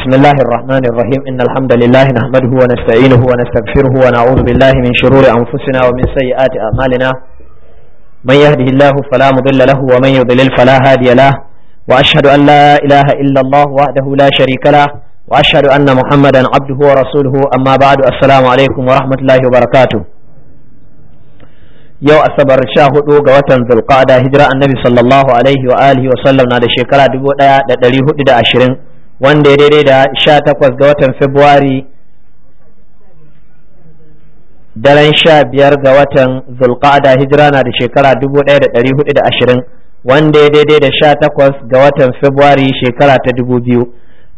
بسم الله الرحمن الرحيم إن الحمد لله نحمده ونستعينه ونستغفره ونعوذ بالله من شرور أنفسنا ومن سيئات أعمالنا من يهده الله فلا مضل له ومن يضلل فلا هادي له وأشهد أن لا إله إلا الله وحده لا شريك له وأشهد أن محمدا عبده ورسوله أما بعد السلام عليكم ورحمة الله وبركاته yau asabar sha hudu ga watan zulqa'da hijira annabi sallallahu alaihi wa alihi wa sallam na da shekara dubu daya da dari hudu da ashirin wanda ya daidai da sha takwas ga watan Fabrairu daren sha biyar ga watan zulqa'ada hijira na da shekara dubu ɗaya da ɗari hudu da ashirin wanda ya daidai da sha takwas ga watan Fabrairu shekara ta dubu biyu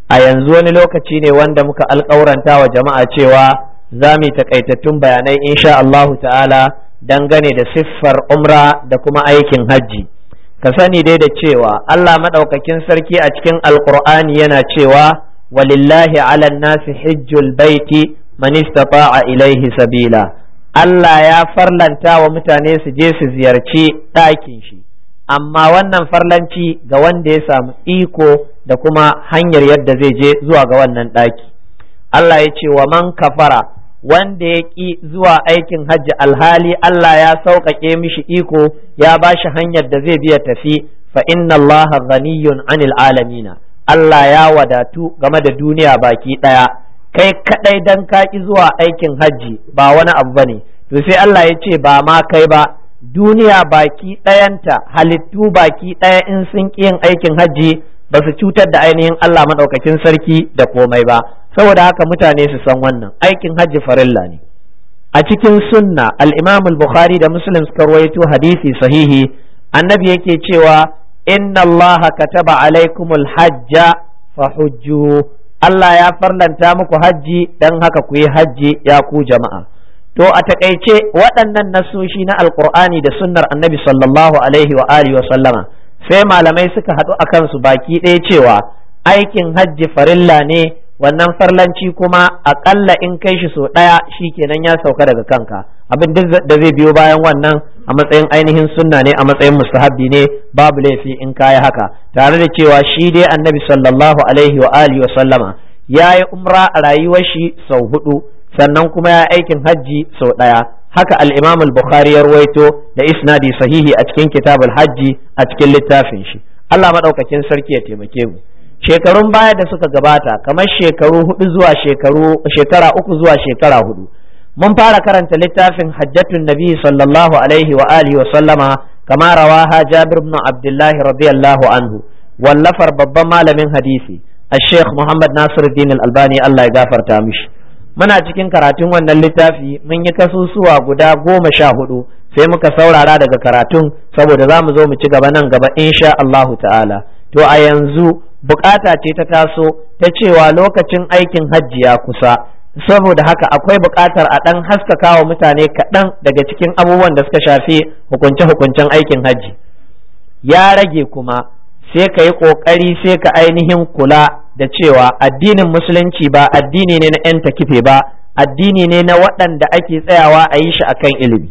a yanzu wani lokaci ne wanda muka alƙauranta wa jama'a cewa za mu taƙaitattun bayanai insha Allahu ta'ala dangane da siffar umra da kuma aikin hajji ka sani dai da cewa Allah maɗaukakin sarki a cikin alkur'ani yana cewa walillahi ala nasi hijjul baiti man istata'a ilaihi sabila Allah ya farlanta wa mutane su je su ziyarci ɗakin shi amma wannan farlanci ga wanda ya samu iko da kuma hanyar yadda zai je zuwa ga wannan ɗaki Allah ya ce wa man kafara wanda ya ƙi zuwa aikin hajji alhali Allah ya sauƙaƙe mishi iko ya ba shi hanyar da zai biya tafi fa inna Allah ghaniyun anil alamina Allah ya wadatu game da duniya baki ɗaya kai kaɗai dan ka ƙi zuwa aikin hajji ba wani abu bane to sai Allah ya ce ba ma kai ba duniya baki ɗayanta halittu baki ɗaya in sun ƙi yin aikin hajji ba su cutar da ainihin Allah maɗaukakin sarki da komai ba saboda haka mutane su san wannan aikin hajji farilla ne a cikin sunna al-Imam bukhari da Muslim suka rawaito hadisi sahihi annabi yake cewa inna Allah kataba alaikumul hajja hujju Allah ya farlanta muku hajji dan haka ku yi hajji ya ku jama'a to a takaice waɗannan nasoshi na alqur'ani da sunnar annabi sallallahu alaihi wa wa sallama sai malamai suka haɗu a kansu baki ɗaya cewa aikin hajji farilla ne wannan farlanci kuma aƙalla in kai shi sau ɗaya shi kenan ya sauka daga kanka abin da zai biyo bayan wannan a matsayin ainihin sunna ne a matsayin mustahabbi ne babu laifi in kayi haka tare da cewa shi dai annabi sallallahu alaihi wa alihi wa sallama ya yi umra a rayuwar shi sau hudu sannan kuma ya aikin hajji sau ɗaya haka Al'imamul al-Bukhari ya ruwaito da isnadi sahihi a cikin kitabul hajji a cikin littafin shi Allah madaukakin sarki ya taimake mu shekarun baya da suka gabata kamar shekaru hudu zuwa shekaru shekara uku zuwa shekara hudu mun fara karanta littafin hajjatun nabi sallallahu alaihi wa alihi wa sallama kama rawaha jabir ibn abdullahi radiyallahu anhu wallafar babban malamin hadisi الشيخ محمد ناصر albani allah ya gafarta تامش muna cikin karatun wannan littafi mun yi kasusuwa guda goma sha hudu sai muka saurara daga karatun saboda za mu zo mu ci gaba nan gaba insha Allahu ta'ala to a yanzu bukata ce ta taso ta cewa lokacin aikin hajji ya kusa saboda haka akwai bukatar a ɗan haskaka wa mutane kaɗan daga cikin abubuwan da suka shafi hukunce-hukuncen aikin hajji ya rage kuma sai ka yi ƙoƙari sai ka ainihin kula da cewa addinin musulunci ba addini ne na 'yan takife ba addini ne na waɗanda ake tsayawa a yi shi akan ilimi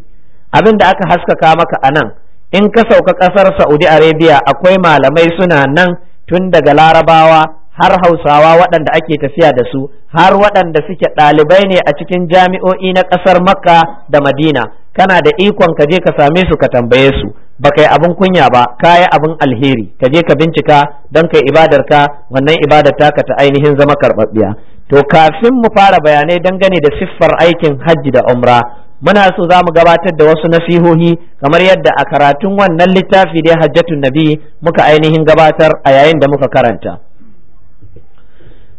abin da aka haskaka maka a nan in ka sauka ƙasar saudi arabia akwai malamai suna nan tun daga larabawa har hausawa waɗanda ake tafiya da su har waɗanda suke ɗalibai ne a cikin jami'o'i na ƙasar makka da madina kana da ikon ka je ka same su ka tambaye su ba kai abin kunya ba ka yi abin alheri ka je ka bincika don kai ibadar ka wannan ibadar ka ta ainihin zama karɓaɓɓiya to kafin mu fara bayanai dangane da siffar aikin hajji da umra muna so za mu gabatar da wasu nasihohi kamar yadda a karatun wannan littafi da hajjatun nabi muka ainihin gabatar a yayin da muka karanta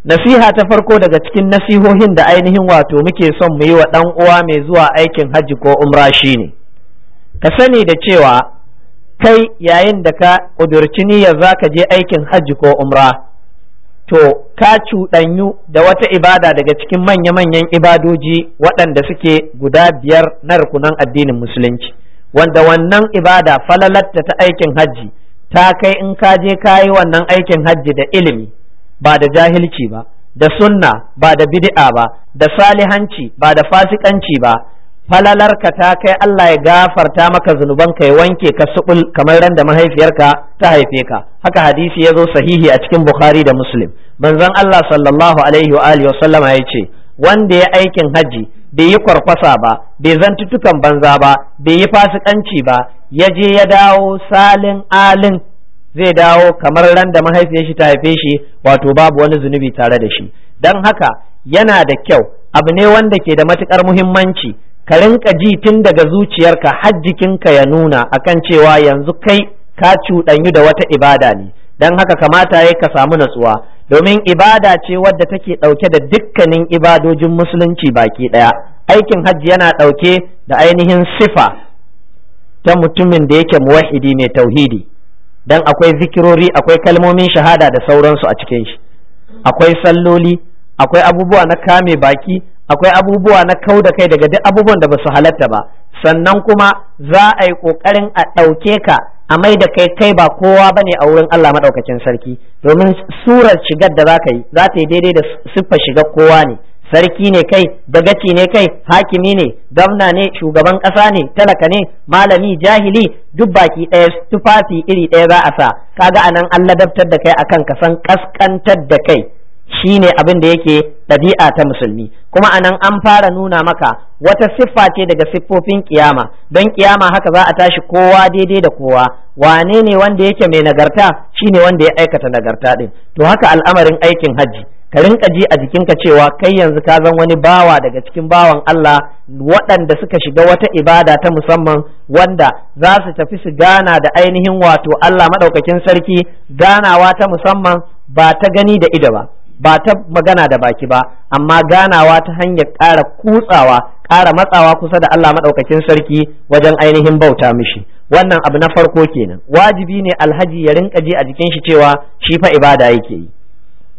nasiha ta farko daga cikin nasihohin da ainihin wato muke son mu yi wa dan uwa mai zuwa aikin hajji ko umra shine ka sani da cewa kai yayin da ka ƙudurci niyyar za ka je aikin hajji ko umra to ka cuɗanyu da wata ibada daga cikin manya-manyan ibadoji waɗanda suke guda biyar na rukunan addinin musulunci wanda wannan ibada falalatta ta aikin hajji ta kai in ka je ka yi wannan aikin hajji da ilimi ba da jahilci ba da sunna ba da bid'a ba da salihanci ba da fasikanci ba falalarka ta kai Allah ya gafarta maka zunuban ka ya wanke ka subul kamar ran da mahaifiyarka ta haife ka haka hadisi ya zo sahihi a cikin bukhari da muslim manzon Allah sallallahu alaihi wa alihi wasallama ya ce wanda ya aikin hajji bai yi kwarkwasa ba bai zantutukan banza ba bai yi fasikanci ba ya je ya dawo salin alin zai dawo kamar ran da mahaifiyar shi ta haife shi wato babu wani zunubi tare da shi dan haka yana da kyau abu ne wanda ke da matukar muhimmanci ka rinka ji tun daga zuciyarka har jikinka ya nuna akan cewa yanzu kai ka cuɗanyu da wata ibada ne don haka kamata ya ka samu natsuwa domin ibada ce wadda take ɗauke da dukkanin ibadojin musulunci baki ɗaya aikin hajji yana ɗauke da ainihin sifa ta mutumin da yake muwahidi mai tauhidi don akwai zikirori akwai kalmomin shahada da sauransu a cikin shi akwai salloli akwai abubuwa na kame baki akwai abubuwa na kau da kai daga duk abubuwan da ba su halatta ba sannan kuma za a yi ƙoƙarin a ɗauke ka a mai da kai kai ba kowa ba ne a wurin Allah maɗaukacin sarki domin surar shigar da za ka yi za ta yi daidai da siffar shigar kowa ne sarki ne kai dagaci ne kai hakimi ne gwamna ne shugaban ƙasa ne talaka ne malami jahili duk baki ɗaya tufafi iri ɗaya za a sa kaga anan an ladabtar da kai akan kasan san kaskantar da kai Shi ne abin da yake ɗabi'a ta musulmi kuma anan an fara nuna maka wata siffa ce daga siffofin kiyama don kiyama haka za a tashi kowa daidai da kowa wane ne wanda yake mai nagarta shi ne wanda ya aikata nagarta ɗin to haka al'amarin aikin hajji ka rinka ji a jikinka cewa kai yanzu ka zan wani bawa daga cikin bawan Allah waɗanda suka shiga wata ibada ta musamman wanda za su tafi su gana da ainihin wato Allah maɗaukakin sarki ganawa ta musamman ba ta gani da ido ba ba ta magana da baki ba amma ganawa ta hanyar ƙara kutsawa ƙara matsawa kusa da Allah maɗaukakin sarki wajen ainihin bauta mishi wannan abu na farko kenan wajibi ne alhaji ya rinka ji a jikin shi cewa shi fa ibada yake yi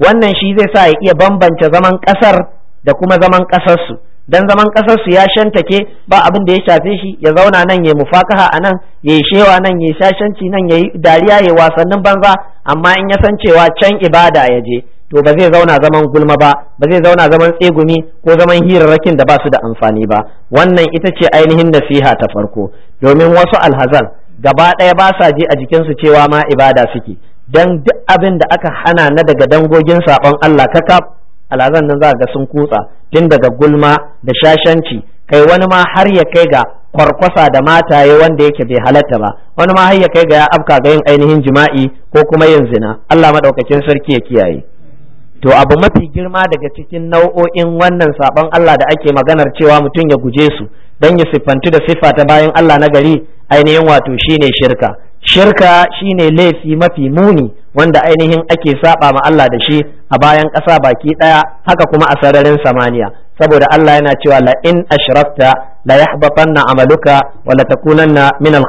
wannan shi zai sa ya iya bambance zaman ƙasar da kuma zaman ƙasarsu dan zaman kasar su ya shantake ba abin da ya shafe shi ya zauna nan ya mufakaha a nan ya shewa nan ya shashanci nan ya dariya ya wasannin banza amma in ya san cewa can ibada ya je to ba zai zauna zaman gulma ba ba zai zauna zaman tsegumi ko zaman hirarrakin da ba su da amfani ba wannan ita ce ainihin nasiha ta farko domin wasu alhazan gaba ɗaya ba sa ji a jikinsu cewa ma ibada suke dan duk abin da aka hana na daga dangogin saɓon Allah kakaf alhazan nan za ga sun kutsa tun daga gulma da shashanci kai wani ma har ya kai ga kwarkwasa da mataye wanda yake bai halatta ba wani ma har ya kai ga ya afka ga yin ainihin jima'i ko kuma yin zina Allah madaukakin sarki ya kiyaye to abu mafi girma daga cikin nau'o'in wannan saban Allah da ake maganar cewa mutum ya guje su don ya siffantu da siffa ta bayan Allah na gari ainihin wato shine shirka shirka shine laifi mafi muni wanda ainihin ake saba ma Allah da shi a bayan ƙasa baki ɗaya haka kuma a sararin samaniya saboda Allah yana cewa la in ashrakta la yahbatanna amaluka wa la takunanna min al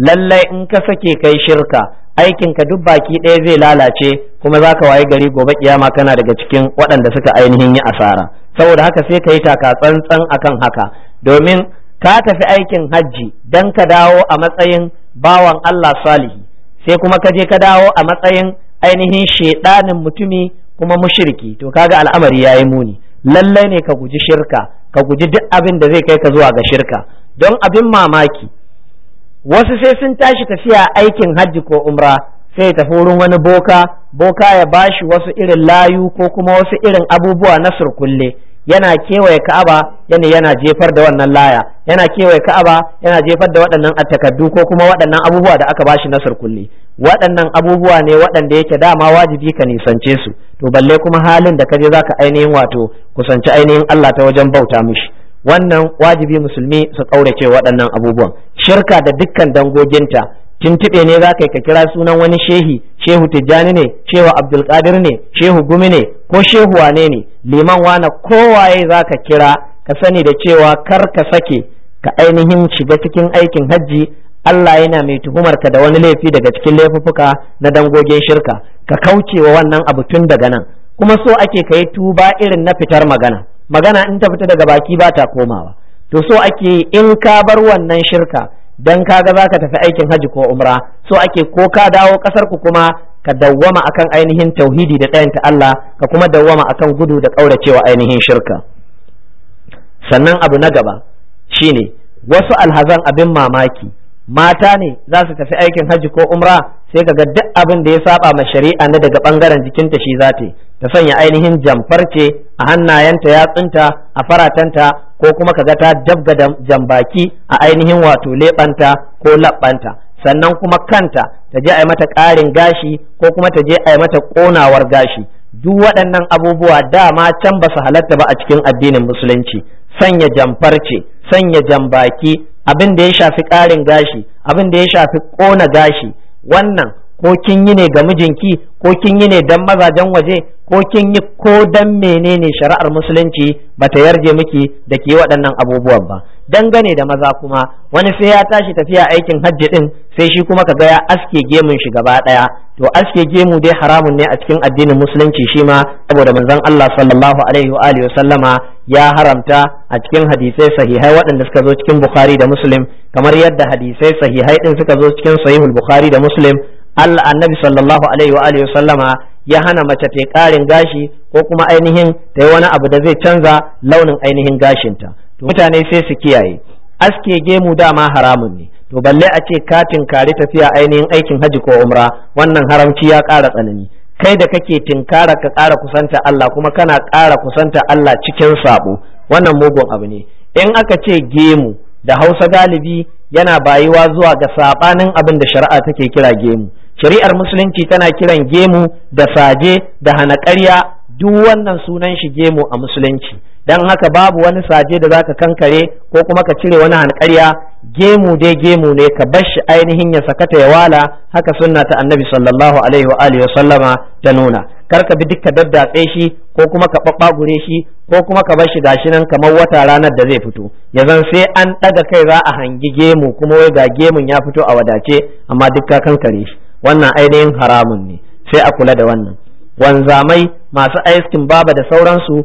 lallai in ka sake kai shirka aikinka ka duk baki ɗaya zai lalace kuma za ka waye gari gobe kiyama kana daga cikin waɗanda suka ainihin yi asara saboda haka sai ka yi taka tsantsan akan haka domin ka tafi aikin hajji dan ka dawo a matsayin bawan Allah salihi sai kuma ka je ka dawo a matsayin ainihin shedanin mutumi kuma mushriki to kaga al'amari yayi muni lallai ne ka guji shirka ka guji duk abin da zai kai ka zuwa ga shirka don abin mamaki wasu sai sun tashi tafiya aikin hajji ko umra sai ta tafi wurin wani boka boka ya bashi wasu irin layu ko kuma wasu irin abubuwa na surkulle yana kewaye ka'aba yana yana jefar da wannan laya yana kewaye ka'aba yana jefar da waɗannan atakaddu ko kuma waɗannan abubuwa da aka bashi na surkulle waɗannan abubuwa ne waɗanda yake dama wajibi ka nisance su to balle kuma halin da kaje zaka ainihin wato kusanci ainihin Allah ta wajen bauta mishi wannan wajibi musulmi su ƙaurace waɗannan abubuwan shirka da dukkan dangoginta tuntuɓe ne za ka ka kira sunan wani shehi shehu tijjani ne shehu abdulkadir ne shehu gumi ne ko shehu wane ne liman wane kowaye za ka kira ka sani da cewa kar ka sake ka ainihin shiga cikin aikin hajji Allah yana mai tuhumar ka da wani laifi daga cikin laifuffuka na dangogin shirka ka kauce wa wannan abu tun daga nan kuma so ake ka yi tuba irin na fitar magana magana in ta fita daga baki ba ta komawa to so ake in ka bar wannan shirka dan kaga zaka tafi aikin haji ko umra so ake ko ka dawo kasar ku kuma ka dawwama akan ainihin tauhidi da tsayanta Allah ka kuma dawwama akan gudu da kauracewa ainihin shirka sannan abu na gaba shine wasu alhazan abin mamaki mata ne za su tafi aikin haji ko umra sai ka ga duk abin da ya saba ma shari'a na daga bangaren jikinta shi za ta ta sanya ainihin jamfarce a hannayenta yatsunta a faratanta ko kuma kaga ta dabga da jambaki a ainihin wato leɓanta ko labbanta sannan kuma kanta ta je a yi mata ƙarin gashi ko kuma ta je a yi mata ƙonawar gashi duk waɗannan abubuwa dama can ba su halatta ba a cikin addinin musulunci sanya jamfarce sanya jambaki abin da ya shafi ƙarin gashi abin da ya shafi ƙona gashi wannan ko kin yi ne ga mijinki ko kin yi ne dan mazajen waje ko kin yi ko dan menene shari'ar musulunci bata yarje miki da ke waɗannan abubuwan ba dangane da maza kuma wani sai ya tashi tafiya aikin hajji ɗin sai shi kuma kaga ya aske gemun shi gaba ɗaya to aske gemu dai haramun ne a cikin addinin musulunci shi ma saboda manzon Allah sallallahu alaihi wa alihi sallama ya haramta a cikin hadisai sahihai waɗanda suka zo cikin Bukhari da Muslim kamar yadda hadisai sahihai ɗin suka zo cikin Sahihul Bukhari da Muslim Allah annabi sallallahu alaihi wa alihi sallama ya hana mace ta karin gashi ko kuma ainihin ta yi wani abu da zai canza launin ainihin gashinta to mutane sai su kiyaye aske gemu dama haramun ne to balle a ce katin kare tafiya ainihin aikin haji ko umra wannan haramci ya ƙara tsanani kai da kake tinkara ka ƙara kusanta Allah kuma kana ƙara kusanta Allah cikin sabo wannan mugun abu ne in aka ce gemu da Hausa galibi yana bayuwa zuwa ga sabanin abin da shari'a take kira gemu shari'ar musulunci tana kiran gemu da saje da hana ƙarya duk wannan sunan shi gemu a musulunci Don haka babu wani saje da za ka kankare ko kuma ka cire wani hanƙarya gemu dai gemu ne ka bar shi ainihin ya sakata ya wala haka sunna ta annabi sallallahu alaihi wa alihi sallama ta nuna kar ka bi dukka daddatse shi ko kuma ka babbagure shi ko kuma ka bar shi gashi nan kamar wata ranar da zai fito ya sai an daga kai za a hangi gemu kuma wai ga gemun ya fito a wadace amma dukka kankare shi wannan ainihin haramun ne sai a kula da wannan wanzamai masu aiskin baba da sauransu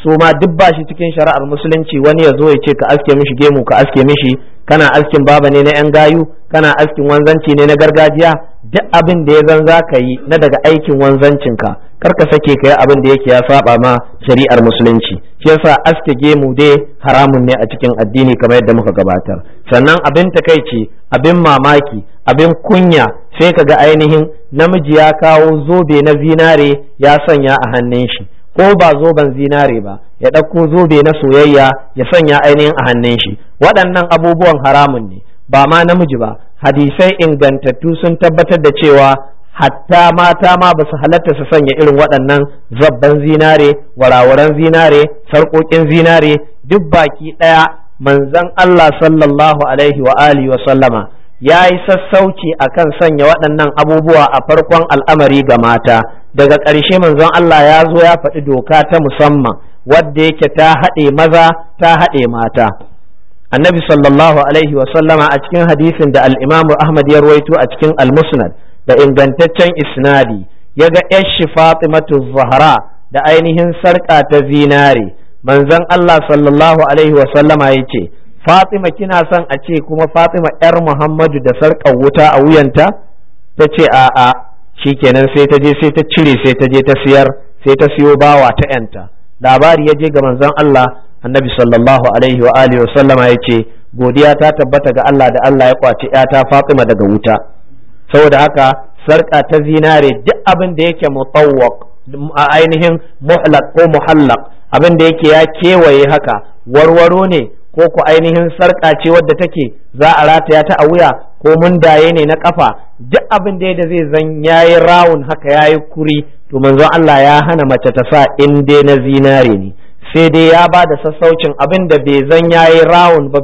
su ma duk ba shi cikin shari'ar musulunci wani ya zo ya ce ka aske mishi gemu ka aske mishi kana askin baba ne na yan gayu kana askin wanzanci ne na gargajiya duk abin da ya zan za ka yi na daga aikin wanzancinka kar ka sake ka yi abin da yake ya saba ma shari'ar musulunci shi yasa aske gemu dai haramun ne a cikin addini kamar yadda muka gabatar sannan abin takaici abin mamaki abin kunya sai ka ga ainihin namiji ya kawo zobe na zinare ya sanya a hannun shi ko ba zoben zinare ba ya ɗauko zobe na soyayya ya sanya ainihin a hannun shi waɗannan abubuwan haramun ne ba ma namiji ba hadisai ingantattu sun tabbatar da cewa hatta mata ma ba su halatta su sanya irin waɗannan zabban zinare warawaran zinare sarƙoƙin zinare duk baki ɗaya manzon Allah sallallahu alaihi wa alihi wa sallama ya yi sassauci akan sanya waɗannan abubuwa a farkon al'amari ga mata daga ƙarshe manzon Allah ya zo ya faɗi doka ta musamman wadda yake ta haɗe maza ta haɗe mata annabi sallallahu alaihi wa sallama a cikin hadisin da al-imamu ahmad ya ruwaito a cikin al da ingantaccen isnadi ya ga yashi fatimatu zahra da ainihin sarƙa ta zinare manzon Allah sallallahu alaihi wa sallama ya ce fatima kina son a ce kuma Fatsima yar muhammadu da sarƙar wuta a wuyanta ta ce a'a kenan sai ta je sai ta cire sai ta je ta siyar sai ta siyo bawa ta yanta labari ya je ga manzon Allah annabi sallallahu alaihi wa alihi wa sallama yace godiya ta tabbata ga Allah da Allah ya kwace ƴata Fatima daga wuta saboda haka sarka ta zinare duk abin da yake mutawwaq a ainihin muhlaq ko muhallaq abin da yake ya kewaye haka warwaro ne ko ku ainihin sarka ce wadda take za a rataya ta a wuya ko mundaye ne na kafa duk abin da da zai zan yayi rawun haka yayi kuri to manzon Allah ya hana mace ta sa in dai na zinare ne sai dai ya ba da sassaucin abin da bai zan yi rawun ba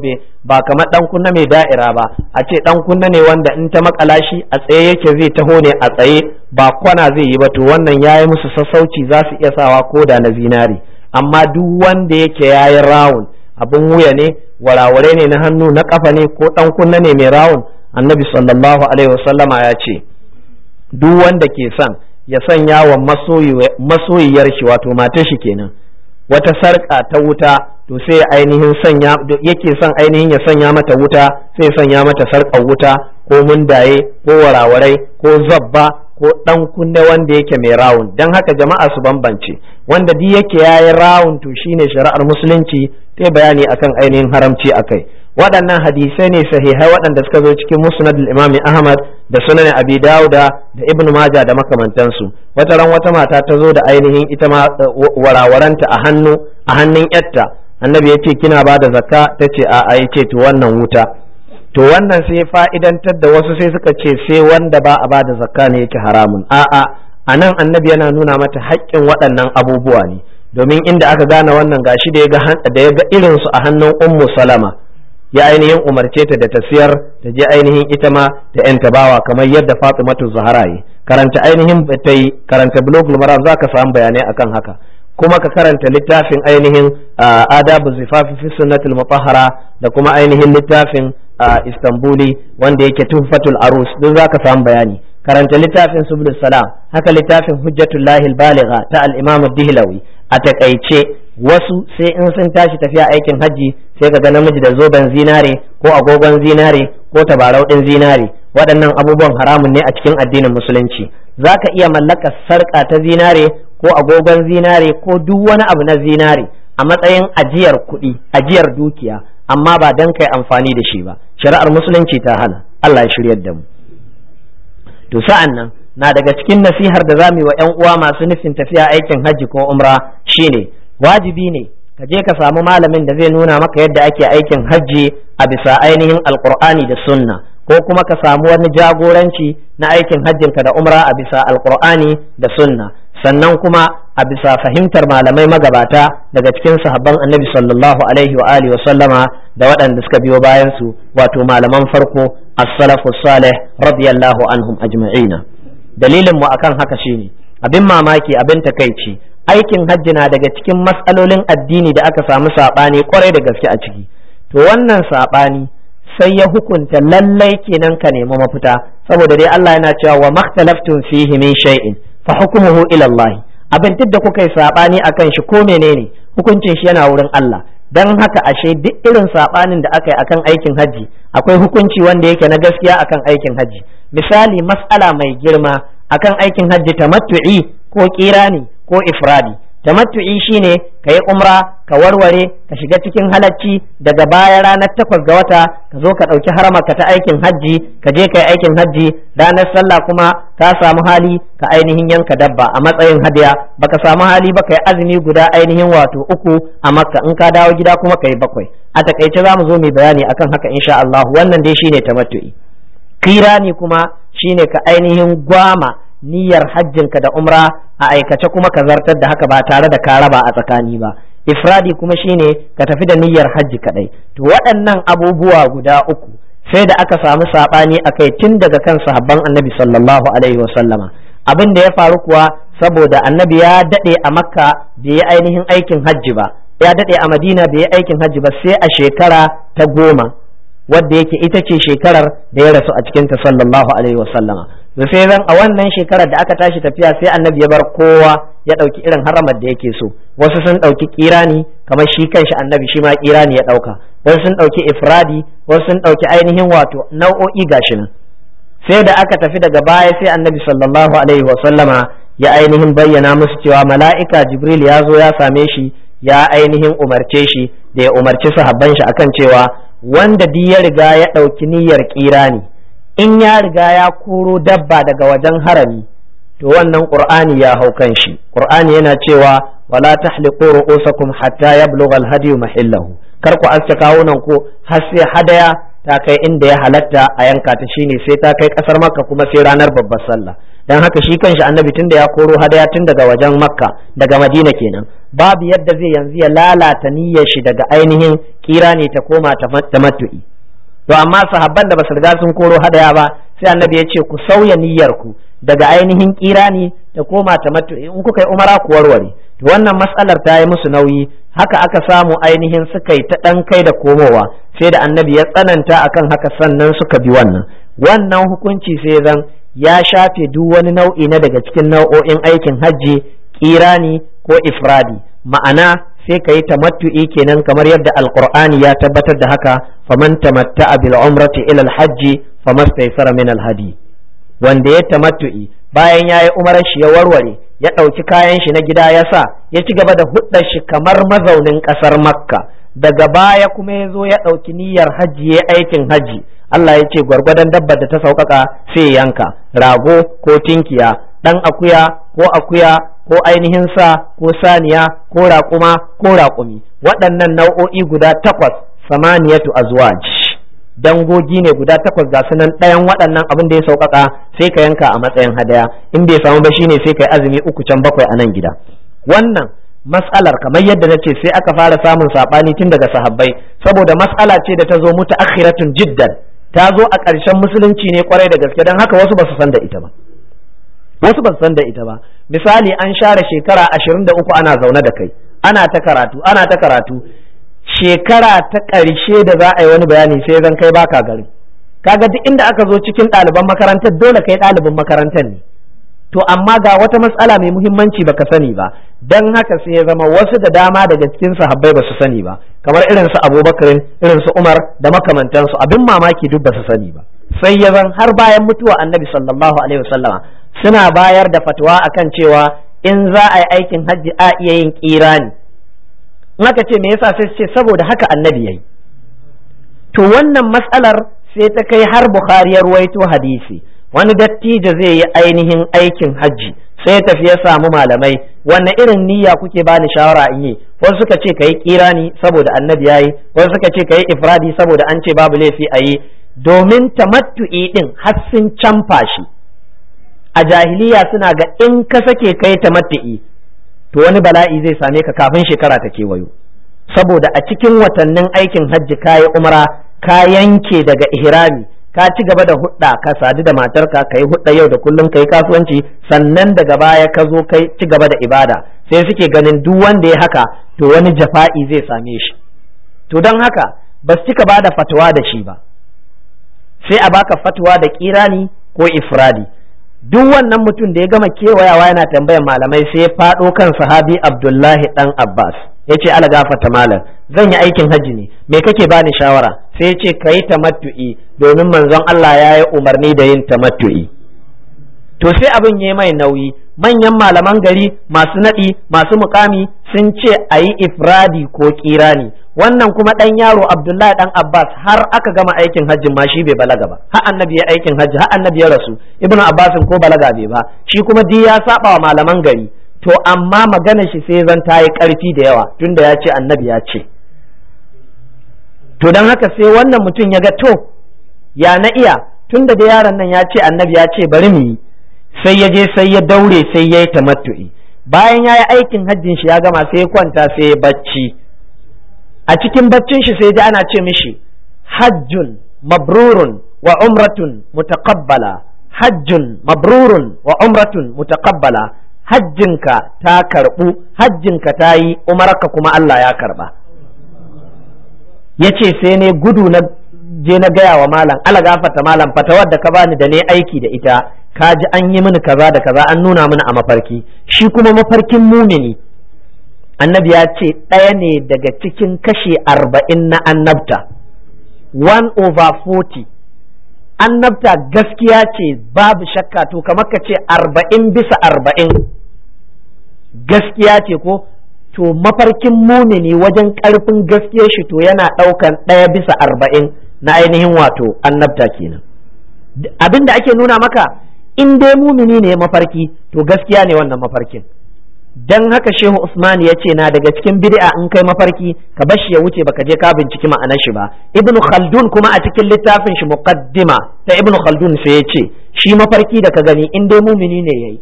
ba kamar dan kunna mai da'ira ba a ce dan kunna ne wanda in ta makala shi a tsaye yake zai taho ne a tsaye ba kwana zai yi ba to wannan ya yi musu sassauci za su iya sawa ko da na zinari amma duk wanda yake yi rawun abin wuya ne warawarai ne na hannu na kafa ne ko dan kunna ne mai rawun annabi sallallahu alaihi wasallama ya ce duk wanda ke son ya sanya wa masoyiyar shi wato matar shi kenan wata sarƙa ta wuta to sai ainihin sanya yake son ainihin ya sanya mata wuta sai sanya mata sarƙar wuta ko mundaye ko warawarai ko zabba ko ɗan kunne wanda yake mai rawun dan haka jama'a su bambance wanda duk yake yayi rawun to shine shari'ar musulunci sai bayani akan ainihin haramci akai waɗannan hadisai ne sahihai waɗanda suka zo cikin musnad al-imam Ahmad da sunan abi dauda da ibnu maja da makamantansu wata ran wata mata ta zo da ainihin ita ma eh, warawaranta a hannu a hannun yatta annabi ya ce kina ba da zakka ta ce a yace ce to wannan wuta to wannan sai fa'idantar da wasu sai suka ce sai wanda ba a ba da zakka ne yake haramun a'a a nan annabi yana nuna mata haƙƙin waɗannan abubuwa ne domin inda aka gane wannan gashi da ya ga irinsu a hannun ummu salama ya ainihin umarce ta da siyar ta je ainihin ita ma da yan tabawa kamar yadda Fatimatu Zahra yi karanta ainihin ta yi karanta blog lumara za ka samu bayanai akan haka kuma ka karanta littafin ainihin adabu zifafi fi sunnatul mutahhara da kuma ainihin littafin istanbuli wanda yake tuhfatul arus duk za ka samu bayani karanta littafin subul salam haka littafin hujjatul lahil baligha ta al-imam ad-dihlawi a takaice wasu sai in sun tashi tafiya aikin hajji sai ka ga namiji da zoben zinare ko agogon zinare ko tabarau din zinare waɗannan abubuwan haramun ne a cikin addinin musulunci za ka iya mallakar sarƙa ta zinare ko agogon zinare ko duk wani abu na zinare a matsayin ajiyar kuɗi ajiyar dukiya amma ba don kai amfani da shi ba shari'ar musulunci ta hana Allah ya shiryar da mu to sa'an nan na daga cikin nasihar da za mu yi wa 'yan uwa masu nufin tafiya aikin hajji ko umra shine wajibi ne ka je ka samu malamin da zai nuna maka yadda ake aikin hajji a bisa ainihin alkur'ani da sunna ko kuma ka samu wani jagoranci na aikin hajjinka da umra a bisa alkur'ani da sunna sannan kuma a bisa fahimtar malamai magabata daga cikin sahabban annabi sallallahu alaihi wa alihi wa sallama da waɗanda suka biyo bayan su wato malaman farko as-salafu salih radiyallahu anhum ajma'ina dalilin mu akan haka shine abin mamaki abin takeici aikin hajji na daga cikin matsalolin addini da aka samu saɓani kwarai da gaske a ciki to wannan saɓani sai ya hukunta lallai kenan ka nemi mafita saboda dai Allah yana cewa wa makhtalaftum fihi min shay'in fa hukmuhu ila Allah abin duk da kuka yi saɓani akan shi ko menene hukuncin shi yana wurin Allah dan haka ashe duk irin saɓanin da aka yi akan aikin hajji akwai hukunci wanda yake na gaskiya akan aikin hajji misali mas'ala mai girma akan aikin hajji tamattu'i ko kirani ko ifradi tamattu'i shine ka umra ka warware ka shiga cikin halacci daga baya ranar takwas ga wata ka zo ka ɗauki haramarka ta aikin hajji ka je ka aikin hajji ranar sallah kuma ka samu hali ka ainihin yanka dabba a matsayin hadiya baka samu hali ba ka azumi guda ainihin wato uku a makka in ka dawo gida kuma ka yi bakwai a takaice za mu zo mai bayani akan haka insha Allah wannan dai shine tamattu'i kirani kuma shine ka ainihin gwama niyyar hajjinka da umra a aikace kuma ka zartar da haka ba tare da ka raba a tsakani ba ifradi kuma shine ka tafi da niyyar hajji kadai to waɗannan abubuwa guda uku sai da aka samu sabani kai tun daga kan sahabban annabi sallallahu alaihi wasallama abin da ya faru kuwa saboda annabi ya dade a makka bai yi ainihin aikin hajji ba ya dade a madina bai yi aikin hajji ba sai a shekara ta goma wadda yake ita ce shekarar da ya rasu a cikinta sallallahu alaihi wasallama rufe zan a wannan shekarar da aka tashi tafiya sai annabi ya bar kowa ya ɗauki irin haramar da yake so wasu sun ɗauki kirani kamar shi kanshi annabi shi ma kirani ya ɗauka wasu sun ɗauki ifradi wasu sun ɗauki ainihin wato nau'o'i gashi nan sai da aka tafi daga baya sai annabi sallallahu alaihi wa sallama ya ainihin bayyana musu cewa mala'ika jibril ya zo ya same shi ya ainihin umarce shi da ya umarci sahabban shi akan cewa wanda duk ya riga ya ɗauki niyyar kirani in ya riga ya koro dabba daga wajen harami to wannan qur'ani ya hau kan shi qur'ani yana cewa wala tahliqu ru'usakum hatta yablugha al-hadiyu kar ku aske kawunan ko har sai hadaya ta kai inda ya halatta a yanka ta shine sai ta kai kasar makka kuma sai ranar babbar sallah dan haka shi kanshi annabi tunda ya koro hadaya tun daga wajen makka daga madina kenan babu yadda zai yanzu ya lalata niyyar shi daga ainihin kira ne ta koma ta matu'i to amma sahabban da basu riga sun koro hadaya ba sai annabi ya ce ku sauya niyyar ku daga ainihin kirani da koma mato in kuka yi umara ku warware to wannan matsalar ta yi musu nauyi haka aka samu ainihin suka yi ta dan kai da komowa sai da annabi ya tsananta akan haka sannan suka bi wannan wannan hukunci sai zan ya shafe duk wani nau'i na daga cikin nau'o'in aikin hajji kirani ko ifradi ma'ana sai ka yi tamattu'i kenan kamar yadda alqur'ani ya tabbatar da haka faman tamatta'a bil umrati ila al hajji famastaysara min al hadi wanda ya tamattu'i bayan ya yayi umarar shi ya warware ya ɗauki kayan shi na gida ya sa ya ci gaba da hudda shi kamar mazaunin ƙasar makka daga baya kuma ya zo ya ɗauki niyyar hajji ya aikin hajji Allah ya ce gwargwadon dabba da ta sauƙaƙa sai yanka rago ko tinkiya ɗan akuya ko akuya ko ainihin sa ko saniya ko raƙuma ko raƙumi waɗannan nau'o'i guda takwas samaniyatu azwaj dangogi ne guda takwas ga sunan ɗayan waɗannan abin da ya sauƙaƙa sai ka yanka a matsayin hadaya in bai samu ba shine sai ka yi azumi uku can bakwai a nan gida wannan mas'alar kamar yadda na ce sai aka fara samun saɓani tun daga sahabbai saboda mas'ala ce da ta zo mutu akhiratun jiddan ta zo a ƙarshen musulunci ne kwarai da gaske don haka wasu ba su san da ita ba wasu ba san da ita ba misali an share shekara ashirin da uku ana zaune da kai ana ta karatu ana ta karatu shekara ta ƙarshe da za a yi wani bayani sai zan kai baka gari kaga duk inda aka zo cikin ɗaliban makarantar dole kai ɗalibin makarantar ne to amma ga wata matsala mai muhimmanci baka sani ba dan haka sai ya zama wasu da dama daga cikin sahabbai basu sani ba kamar irin su Abubakar irin su Umar da makamantansu abin mamaki duk basu sani ba sai ya zan har bayan mutuwa Annabi sallallahu alaihi wasallama suna bayar da fatwa akan cewa in za a yi aikin hajji a iya yin kirani in aka ce me yasa sai ce saboda haka annabi yayi to wannan matsalar sai ta kai har bukhari ya ruwaito hadisi wani dattijo zai yi ainihin aikin hajji sai tafi ya samu malamai wanne irin niyya kuke bani shawara in yi wasu suka ce ƙira kirani saboda annabi yayi wasu suka ce kayi ifradi saboda an ce babu laifi a yi domin tamattu'i ɗin har sun canfa shi a jahiliya suna ga in ka sake kai ta matta'i to wani bala'i zai same ka kafin shekara ta kewayo saboda a cikin watannin aikin hajji ka yi umara ka yanke daga ihrami ka ci gaba da hudda ka sadu da matarka ka yi hudda yau da kullum ka yi kasuwanci sannan daga baya ka zo kai ci gaba da ibada sai suke ganin duk wanda ya haka to wani jafa'i zai same shi to don haka ba su cika ba da fatuwa da shi ba sai a baka fatuwa da kirani ko ifradi duk wannan mutum da ya gama kewayawa yana tambayar malamai sai ya faɗo kan sahabi abdullahi Ɗan abbas ya ce ala gafata malam zan yi aikin hajji ne me kake bani shawara sai ya ce ka yi tamattu'i domin manzon allah ya yi umarni da yin tamattu'i to sai abin ya mai nauyi manyan malaman gari masu naɗi masu mukami sun ce ayi yi ifradi ko kirani wannan kuma ɗan yaro abdullahi ɗan abbas har aka gama aikin hajjin ma shi bai balaga ba har annabi ya aikin hajji har annabi ya rasu ibnu Abbas ko balaga bai ba shi kuma di ya saba wa malaman gari to amma magana shi sai zan ta yi ƙarfi da yawa tunda ya ce annabi ya ce to don haka sai wannan mutum ya ga to ya na iya tunda da yaron nan ya ce annabi ya ce bari mu yi sai ya je sai ya daure sai ya yi tamattu'i bayan ya yi aikin hajjin shi ya gama sai ya kwanta sai ya bacci a cikin baccin shi sai ji ana ce mishi hajjun mabrurun wa umratun mutakabbala hajjun mabrurun wa umratun mutakabbala hajjinka ta karɓu hajjinka ta yi umarka kuma Allah ya karba yace sai ne gudu na je na gaya wa malam ala gafarta malam fatawar da ka bani da ne aiki da ita ka ji an yi mini kaza da kaza an nuna mini a mafarki shi kuma mafarkin mumini annabi ya ce ɗaya ne daga cikin kashe arba'in na annabta one over forty annabta gaskiya ce babu shakka to kamar ka ce arba'in bisa arba'in gaskiya ce ko to mafarkin mumini wajen ƙarfin gaskiyar shi to yana ɗaukan ɗaya bisa arba'in na ainihin wato annabta kenan abin da ake nuna maka in dai mumini ne mafarki to gaskiya ne wannan mafarkin dan haka shehu usman ya ce na daga cikin bid'a in kai mafarki ka bar ya wuce baka je ka binciki ma'anar shi ba ibnu khaldun kuma a cikin littafin shi muqaddima ta ibnu khaldun sai ya ce shi mafarki da ka gani in dai mumini ne yayi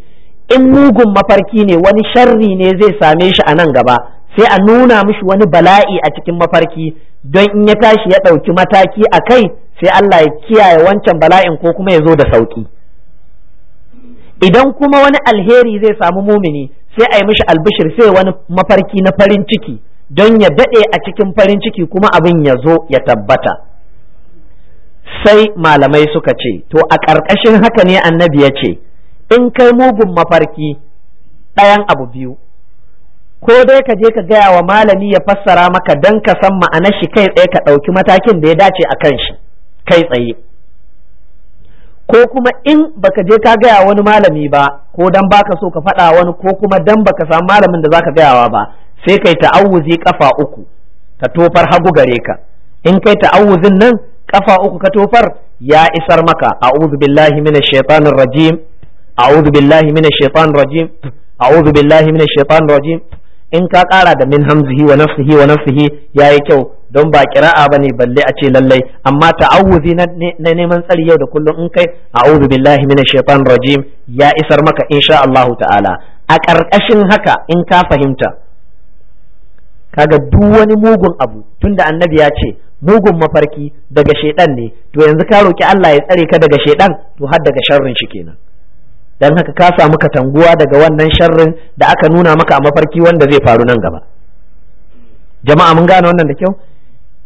in mugun mafarki ne wani sharri ne zai same shi a nan gaba sai a nuna mishi wani bala'i a cikin mafarki don in ya tashi ya ɗauki mataki a kai sai Allah ya kiyaye wancan bala'in ko kuma ya zo da sauƙi idan kuma wani alheri zai samu mumini sai a yi mishi albishir sai wani mafarki na farin ciki don ya daɗe a cikin farin ciki kuma abin ya zo ya tabbata sai malamai suka ce to a ƙarƙashin haka ne annabi ya ce in kai mugun mafarki ɗayan abu biyu ko dai ka je ka gaya wa malami ya fassara maka dan ka san ma'anar shi kai tsaye ka ɗauki matakin da ya dace a kan shi kai tsaye ko kuma in baka je ka gaya wani malami ba ko dan baka so ka faɗa wani ko kuma dan baka samu malamin da zaka gayawa ba sai kai ta'awuzi kafa uku ka tofar hagu gare ka in kai ta'awuzin nan kafa uku ka tofar ya isar maka a'udhu billahi minash shaitanir rajim a'udhu billahi minash shaitanir rajim a'udhu billahi minash shaitanir rajim in ka ƙara da min hamzihi wa nafsihi wa nafsihi yayi kyau don ba kira'a bane balle a ce lallai amma ta'awuzi na neman tsari yau da kullum in kai a'udhu billahi minash shaitanir rajim ya isar maka insha allahu ta'ala a ƙarƙashin haka in ka fahimta kaga duk wani mugun abu tunda annabi ya ce mugun mafarki daga shaidan ne to yanzu ka roki Allah ya tsare ka daga shaidan to har daga sharrin shi kenan dan haka ka samu katanguwa daga wannan sharrin da aka nuna maka a mafarki wanda zai faru nan gaba jama'a mun gane wannan da kyau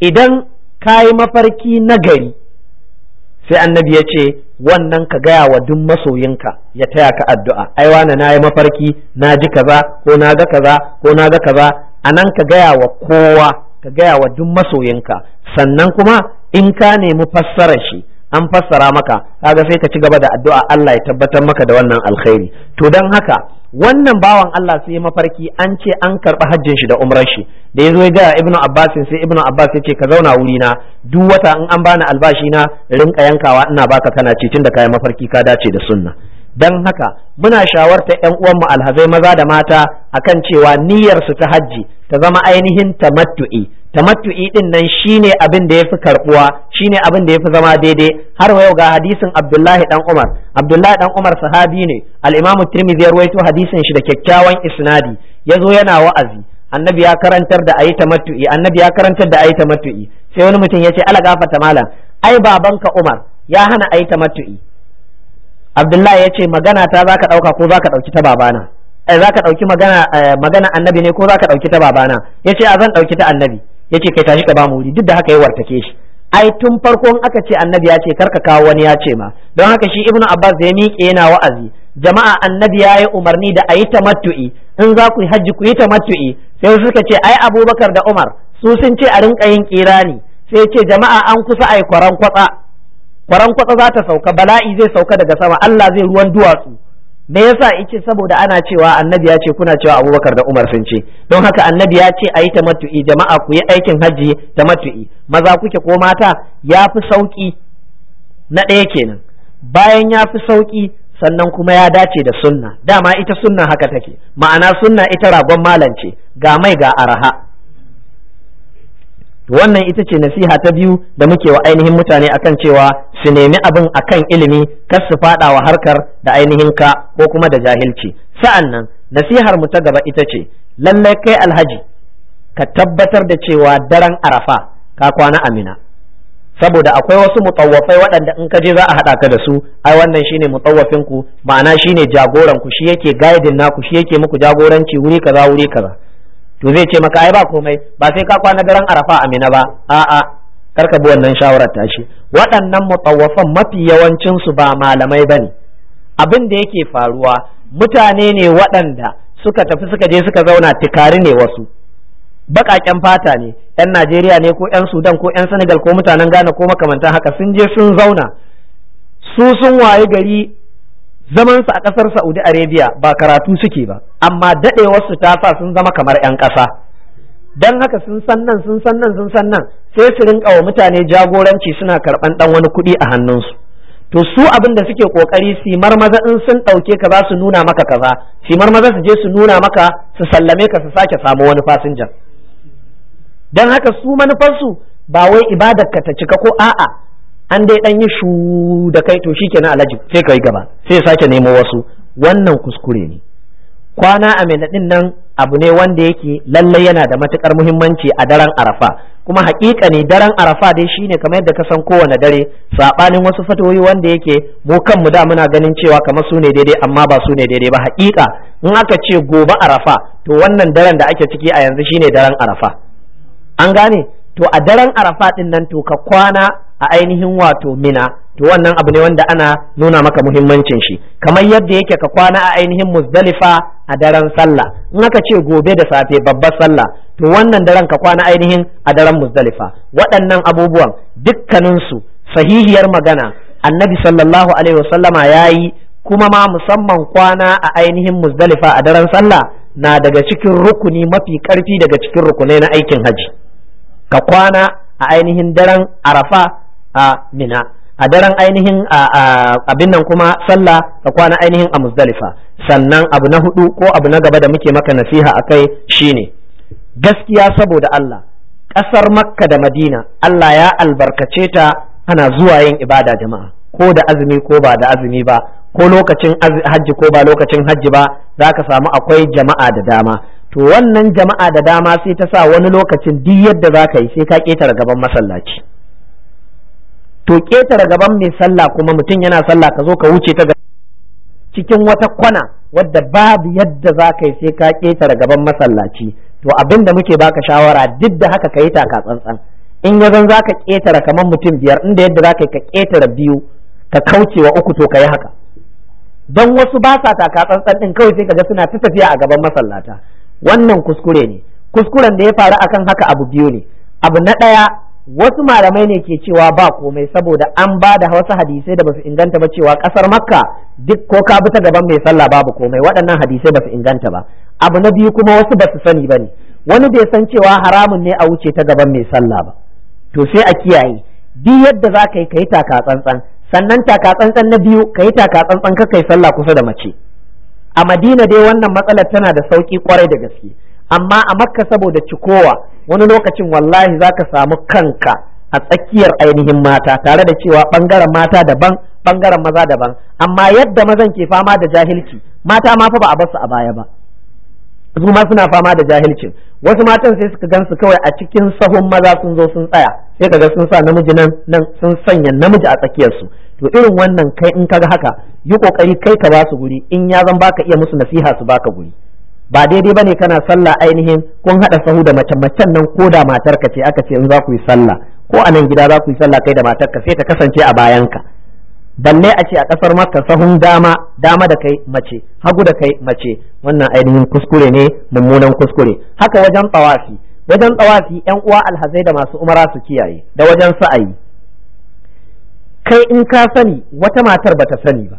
idan ka yi mafarki gari sai annabi ya ce wannan ka gaya wa duk masoyinka ya taya ka addu'a ai wane na yi mafarki na ji kaza ko na ga kaza ko na ga kaza anan ka gaya wa kowa ka gaya wa duk masoyinka sannan kuma in ka nemi fassarar shi an fassara maka kaga sai ka ci gaba da addu'a Allah ya tabbatar maka da wannan alkhairi to dan haka wannan bawan Allah sai ya mafarki an ce an karɓi hajjin shi da umrar shi da ya zo ya gaya ibnu Abbas sai ibnu Abbas ya ce ka zauna wuri na duk wata in an bani albashi na rinka yankawa ina baka kana ce tunda kayan mafarki ka dace da sunna dan haka muna shawarta yan uwanmu alhazai maza da mata akan cewa niyyar su ta hajji ta zama ainihin tamattu'i tamattu'i din nan shine abin da yafi karbuwa shine abin da yafi zama daidai har wa yau ga hadisin Abdullahi dan Umar Abdullahi dan Umar sahabi ne al-Imam Tirmidhi ya rawaito hadisin shi da kyakkyawan isnadi yazo yana wa'azi annabi ya karantar da ayi tamattu'i annabi ya karantar da ayi tamattu'i sai wani mutum ya ce ala gafata malam ai babanka Umar ya hana ayi tamattu'i Abdullahi yace ce magana ta zaka dauka ko zaka dauki ta babana Eh, za ka ɗauki eh, magana annabi ne ko za ka ɗauki ta babana ya ce a zan ɗauki ta annabi ya ce kai tashi ka ba mu wuri duk da haka ya wartake shi ai tun farkon aka ce annabi ya ce karka kawo wani ya ce ma don haka shi ibnu abbas ya miƙe yana wa'azi jama'a annabi ya yi umarni da a yi ta tamattu'i in za ku hajji ku yi tamattu'i sai suka ce ai abubakar da umar su sun ce a rinka yin kirani sai ce jama'a an kusa ai kwaran kwatsa kwaran kwatsa za ta sauka bala'i zai sauka daga sama Allah zai ruwan duwatsu me yasa ce saboda ana cewa annabi ya ce kuna cewa abubakar da umar sun ce don haka annabi ya ce a yi tamattu'i jama'a ku yi aikin hajji ta tamattu'i maza kuke ko mata ya fi sauƙi na ɗaya kenan bayan ya fi sauƙi sannan kuma ya dace da sunna dama ita sunna haka take ma'ana sunna ita ragon malance ga mai ga araha wannan ita ce nasiha ta biyu da muke wa ainihin mutane akan cewa su nemi abin akan ilimi kar su fada wa harkar da ainihin ka ko kuma da jahilci sa'annan nasihar mu ta gaba ita ce lallai kai alhaji ka tabbatar da cewa daren arafa ka kwana amina saboda akwai wasu mutawafai waɗanda in ka je za a haɗa ka da su ai wannan shine mutawafin ku ma'ana shine jagoran ku shi yake guiding naku shi yake muku jagoranci wuri kaza wuri kaza to zai ce maka ai ba komai ba sai ka kwana daren arafa a mina ba a'a karka bi wannan shawarar tashi waɗannan mutawafan mafi yawancin su ba malamai ba ne. abin da yake faruwa mutane ne waɗanda suka tafi suka je suka zauna tikari ne wasu baƙaƙen fata ne 'yan Najeriya ne ko 'yan Sudan ko 'yan Senegal ko mutanen Ghana ko makamantan haka sun je sun zauna su sun wayi gari zaman su a ƙasar Saudi Arabia ba karatu suke ba amma dadewar su ta sa sun zama kamar 'yan ƙasa dan haka sun san nan sun san nan sun san nan sai su rinka wa mutane jagoranci suna karɓan ɗan wani kuɗi a hannunsu to su abin da suke kokari su marmaza in sun ɗauke ka za su nuna maka kaza su marmaza su je su nuna maka su sallame ka su sake samu wani fasinjan dan haka su manufarsu ba wai ibadar ka ta cika ko a'a an dai ɗan yi shu da kai to shi shikenan alhaji sai kai gaba sai sake nemo wasu wannan kuskure ne kwana a din nan abu ne wanda yake lallai yana da matukar muhimmanci a daren arafa kuma hakika ne daren arafa dai shine kamar yadda ka san kowane dare saɓanin wasu fatoyi wanda yake mu kanmu da muna ganin cewa kamar su ne daidai amma ba su ne daidai ba hakika in aka ce gobe arafa to wannan daren da ake ciki a yanzu shine daren arafa an gane to a daren arafa din nan to ka kwana a ainihin wato mina to wannan abu ne wanda ana nuna maka muhimmancin shi kamar yadda yake ka kwana a ainihin muzdalifa a daren sallah in aka ce gobe da safe babbar sallah to wannan daren ka kwana ainihin a daren muzdalifa waɗannan abubuwan dukkaninsu sahihiyar magana annabi sallallahu alaihi wasallama ya yi kuma ma musamman kwana a ainihin muzdalifa a daren sallah na daga cikin rukuni mafi karfi daga cikin rukunai na aikin haji ka kwana a ainihin daren arafa a mina a daren ainihin abin nan kuma sallah ka kwana ainihin a muzdalifa sannan abu na hudu ko abu na gaba da muke maka nasiha a kai shine gaskiya saboda Allah ƙasar makka da madina Allah ya albarkace ta ana zuwa yin ibada jama'a ko da azumi ko ba da azumi ba ko lokacin hajji ko ba lokacin hajji ba za ka samu akwai jama'a da dama to wannan jama'a da dama sai ta sa wani lokacin duk yadda za ka yi sai ka ƙetare gaban masallaci to ketare gaban mai sallah kuma mutum yana sallah ka zo ka wuce ta cikin wata kwana wadda babu yadda za ka yi sai ka ketare gaban masallaci to abin da muke baka shawara duk da haka ka yi taka tsantsan in ya zan za ka ketare kamar mutum biyar inda yadda za ka yi ka ketare biyu ka kauce wa uku to ka yi haka don wasu ba sa taka tsantsan din kawai sai ka ga suna ta tafiya a gaban masallata wannan kuskure ne kuskuren da ya faru akan haka abu biyu ne abu na ɗaya wasu malamai ne ke cewa ba komai saboda an ba da wasu hadisai da basu inganta ba cewa kasar makka duk ko ka bi ta gaban mai sallah babu komai waɗannan hadisai basu inganta ba abu na biyu kuma wasu ba su sani ba ne wani bai san cewa haramun ne a wuce ta gaban mai sallah ba to sai a kiyaye duk yadda za ka yi ka yi taka tsantsan sannan taka tsantsan na biyu ka yi taka tsantsan ka kai sallah kusa da mace a madina dai wannan matsalar tana da sauki kwarai da gaske amma a makka saboda cikowa wani lokacin wallahi za ka samu kanka a tsakiyar ainihin mata tare da cewa bangaren mata daban bangaren maza daban amma yadda mazan ke fama da jahilci mata ma fa ba a basu a baya ba su ma suna fama da jahilcin wasu matan sai suka gansu kawai a cikin sahun maza sun zo sun tsaya sai kaga sun sa namiji nan nan sun sanya namiji a tsakiyar su to irin wannan kai in kaga haka yi kokari kai ka ba su guri in ya zan baka iya musu nasiha su baka guri ba daidai ne kana sallah ainihin kun haɗa sahu da mace macen nan ko da matarka ce aka ce in za ku yi sallah ko a nan gida za ku yi sallah kai da matarka sai ta kasance a bayan ka. balle a ce a kasar maka sahun dama dama da kai mace hagu da kai mace wannan ainihin kuskure ne mummunan kuskure haka wajen tsawafi wajen tsawafi yan uwa alhazai da masu umara su kiyaye da wajen sa'ayi kai in ka sani wata matar bata sani ba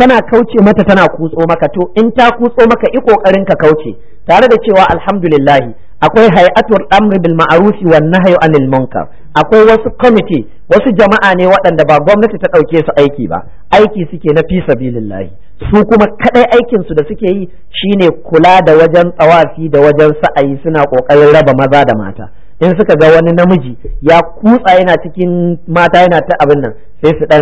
kana kauce mata tana kutso maka to in ta kutso maka i kokarin ka kauce tare da cewa alhamdulillah akwai hay'atul amri bil ma'ruf wa nahyi anil munkar akwai wasu committee wasu jama'a ne waɗanda ba gwamnati ta ɗauke su aiki ba aiki suke na fi sabilillahi su kuma kadai aikin su da suke yi shine kula da wajen tsawafi da wajen sa'ayi suna kokarin raba maza da mata in suka ga wani namiji ya kutsa yana cikin mata yana ta abin nan sai su dan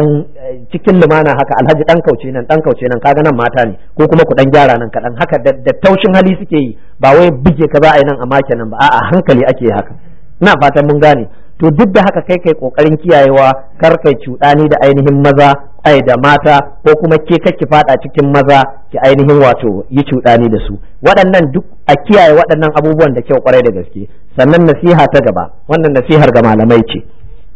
cikin lumana haka alhaji dan kauce nan dan kauce nan kaga nan mata ne ko kuma ku dan gyara nan kadan haka da taushin hali suke yi ba wai buge ka za a yi nan a make nan ba a'a hankali ake haka ina fatan mun gane to duk da haka kai kai kokarin kiyayewa kar kai cuɗani da ainihin maza ai da mata ko kuma ke kake fada cikin maza ki ainihin wato yi cuɗani da su waɗannan duk a kiyaye waɗannan abubuwan da kyau kwarai da gaske sannan nasiha ta gaba wannan nasihar ga malamai ce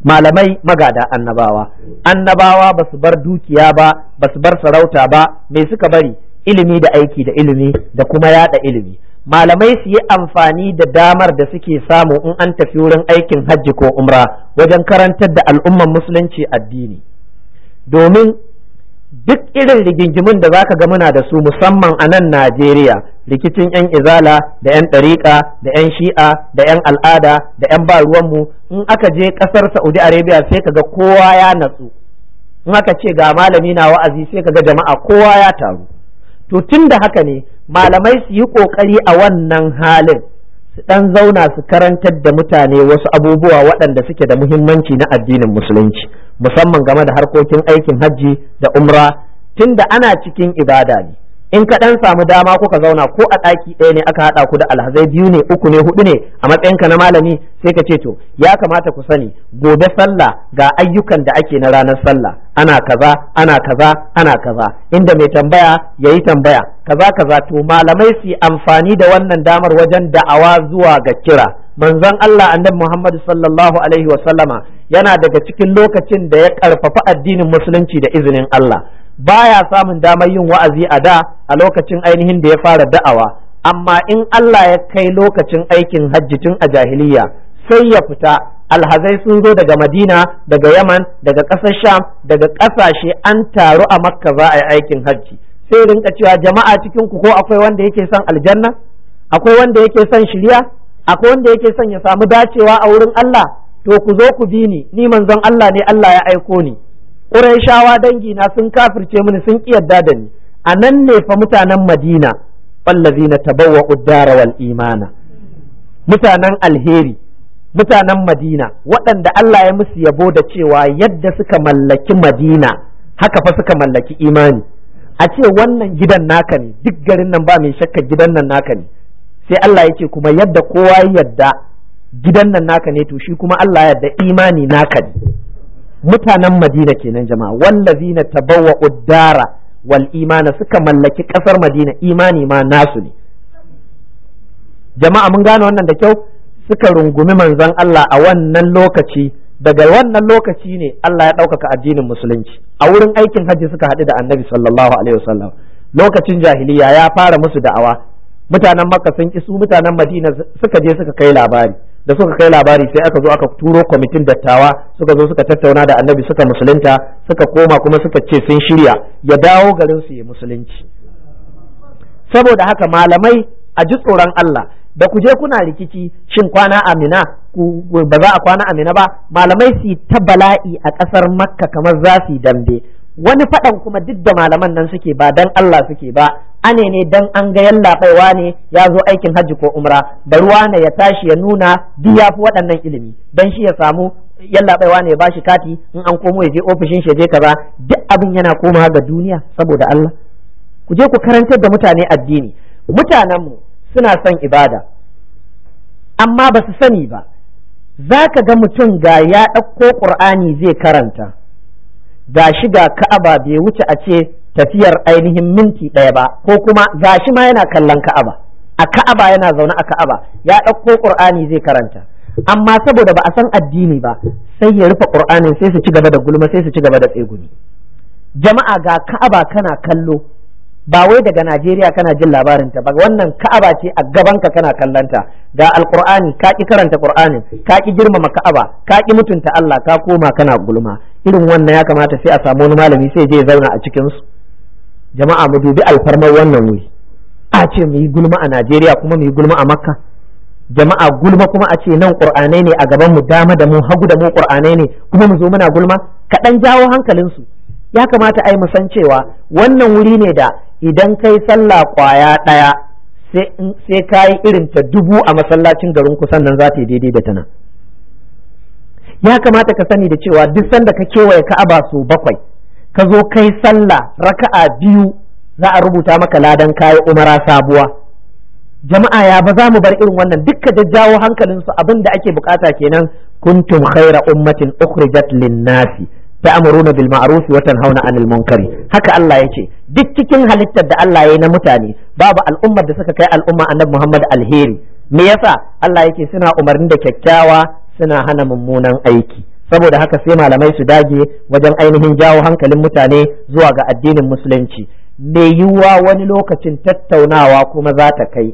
malamai magada annabawa annabawa ba su bar dukiya ba ba su bar sarauta ba me suka bari ilimi da aiki da ilimi da kuma yada ilimi malamai su yi amfani da damar da suke samu in an tafi wurin aikin hajji ko umra wajen karantar da al'umman musulunci addini domin duk irin rigingimin da zaka ga muna da su musamman a nan Najeriya rikicin yan izala da yan ɗariƙa da yan shi'a da yan al'ada da yan ba ruwanmu in aka je ƙasar saudi arabia sai ga kowa ya natsu in aka ce ga malami na wa'azi sai ka ga jama'a kowa ya taru to tun da haka ne malamai su yi ƙoƙari a wannan halin su ɗan zauna su karantar da mutane wasu abubuwa waɗanda suke da muhimmanci na addinin musulunci musamman game da harkokin aikin hajji da umra tun da ana cikin ibada ne in ka dan samu dama ko ka zauna ko a ɗaki ɗaya ne aka haɗa ku da alhazai biyu ne uku ne hudu ne a matsayinka na malami sai ka ce to ya kamata ku sani gobe sallah ga ayyukan da ake na ranar sallah ana kaza ana kaza ana kaza inda mai tambaya yayi tambaya kaza kaza to malamai su amfani da wannan damar wajen da'awa zuwa ga kira manzon Allah annabi Muhammad sallallahu alaihi wa sallama yana daga cikin lokacin da ya karfafa addinin musulunci da izinin Allah baya samun damar yin wa'azi a da a lokacin ainihin da ya fara da'awa amma in Allah ya kai lokacin aikin hajji tun a jahiliya sai ya fita alhazai sun zo daga Madina daga Yaman daga ƙasar Sham daga ƙasashe an taru a Makka za a yi aikin hajji sai rinka cewa jama'a cikin ku ko akwai wanda yake son aljanna akwai wanda yake son shirya akwai wanda yake son ya samu dacewa a wurin Allah to ku zo ku bi ni ni manzon Allah ne Allah ya aiko ni Qurayshawa dangi na sun kafirce mini sun kiyarda da ni a nan ne fa mutanen Madina wallazina tabawwa'u dara wal imana mutanen alheri mutanen Madina waɗanda Allah ya musu yabo da cewa yadda suka mallaki Madina haka fa suka mallaki imani a ce wannan gidan naka ne duk garin nan ba mai shakka gidan nan naka ne sai Allah ya ce kuma yadda kowa yadda gidan nan naka ne to shi kuma Allah yadda imani naka ne mutanen Madina kenan jama'a wallazina tabawwa uddara wal imana suka mallaki kasar Madina imani ma nasu ne jama'a mun gane wannan da kyau suka rungumi manzon Allah a wannan lokaci daga wannan lokaci ne Allah ya ɗaukaka addinin musulunci a wurin aikin hajji suka haɗu da annabi sallallahu alaihi wasallam lokacin jahiliya ya fara musu da'awa mutanen makka sun su, mutanen madina suka je suka kai labari da suka kai labari sai aka zo aka turo kwamitin dattawa suka zo suka tattauna da annabi suka musulunta suka koma kuma suka ce sun shirya ya dawo garin su ya musulunci saboda haka malamai a ji tsoron Allah da ku je kuna rikici shin kwana amina ba za a kwana amina ba malamai su ta bala'i a ƙasar makka kamar za su yi dambe wani faɗan kuma duk da malaman nan suke ba dan Allah suke ba ane ne dan an ga yallaɓaiwa ne ya zo aikin hajji ko umra da ruwa ne ya tashi ya nuna duk ya fi waɗannan ilimi dan shi ya samu yallaɓaiwa ne ya bashi kati in an komo ya je ofishin shi je kaza duk abin yana komawa ga duniya saboda Allah ku je ku karantar da mutane addini mutanenmu suna son ibada amma ba su sani ba za ka ga mutum ga ya ɗauko ƙur'ani zai karanta ga shi ga ka'aba bai wuce a ce tafiyar ainihin minti ɗaya ba ko kuma ga shi ma yana kallon ka'aba a ka'aba yana zaune a ka'aba ya ɗauko ƙur'ani zai karanta amma saboda ba a san addini ba sai ya rufe ƙur'anin sai su ci gaba da gulma sai su ci gaba da tsegumi jama'a ga ka'aba kana kallo ba wai daga Najeriya kana jin labarin ta ba wannan Ka'aba ce a gabanka kana kallanta ga Alƙur'ani ka ki karanta ƙur'ani ka ki girmama Ka'aba ka ki mutunta Allah ka koma kana gulma irin wannan ya kamata sai a samu wani malami sai je zauna a cikin su jama'a mu dubi alfarmar wannan wuri a ce mu yi gulma a Najeriya kuma mu yi gulma a Makka jama'a gulma kuma a ce nan kur'anai ne a gaban mu dama da mu hagu da mu kur'anai ne kuma mu zo muna gulma kaɗan jawo hankalinsu ya kamata a yi san cewa wannan wuri ne da idan kai sallah kwaya ɗaya sai ka yi irin ta dubu a masallacin garin ku sannan za ta yi daidai da ta nan ya kamata ka sani da cewa duk sanda ka kewaye ka'aba su bakwai ka zo kai sallah raka'a biyu za a rubuta maka ladan kayi umara sabuwa jama'a ya ba za mu bar irin wannan dukka jawo hankalinsu abin da ake bukata kenan kuntum khaira ummatin ukhrijat lin-nasi ta'muruna bil ma'ruf wa tanhauna 'anil munkar haka Allah yace duk cikin halittar da Allah yayi na mutane babu al'ummar da suka kai al'umma annabi Muhammad alheri me yasa Allah yake suna umarni da kyakkyawa suna hana mummunan aiki saboda haka sai malamai su dage wajen ainihin jawo hankalin mutane zuwa ga addinin musulunci mai yiwuwa wani lokacin tattaunawa kuma za ta kai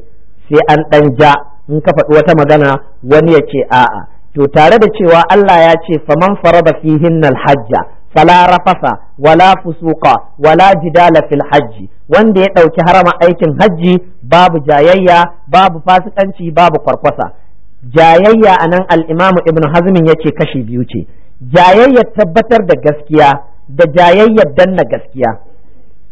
sai an ɗan ja in ka faɗi wata magana wani ya ce a'a to tare da cewa Allah ya ce faman farada fihin hajja fala rafasa wala fusuka wala jidala fil hajji wanda ya ɗauki harama aikin hajji babu jayayya babu fasikanci babu kwarkwasa jayayya a nan al'imamu ibn hazmin ya ce kashi biyu ce jayayyar tabbatar da gaskiya da jayayyar danna gaskiya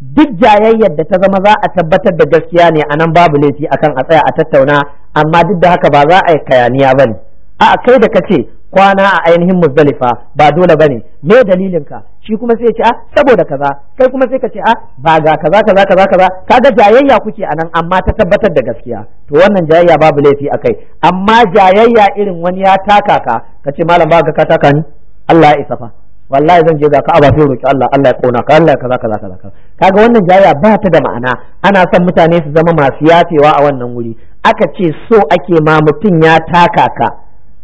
duk jayayyar da ta zama za a tabbatar da gaskiya ne a nan babu laifi akan a tsaya a tattauna amma duk da haka ba za a yi kayaniya ba ne a kai da kace kwana a ainihin muzdalifa ba dole bane me dalilin ka shi kuma sai ce a ah, saboda kaza kai kuma sai ka ce a ah, ba ga kaza kaza kaza kaza kaga jayayya kuke anan amma ta tabbatar da gaskiya to wannan jayayya babu laifi akai amma jayayya irin wani ya taka ka kace malam ba ka taka ni Allah ya isa fa wallahi zan je ga ka sai roki Allah Allah ya kona ka Allah ya kaza kaza kaza kaga wannan jayayya ba ta da ma'ana ana son mutane su zama masu yatewa a wannan wuri aka ce so ake ma mutum ya taka ka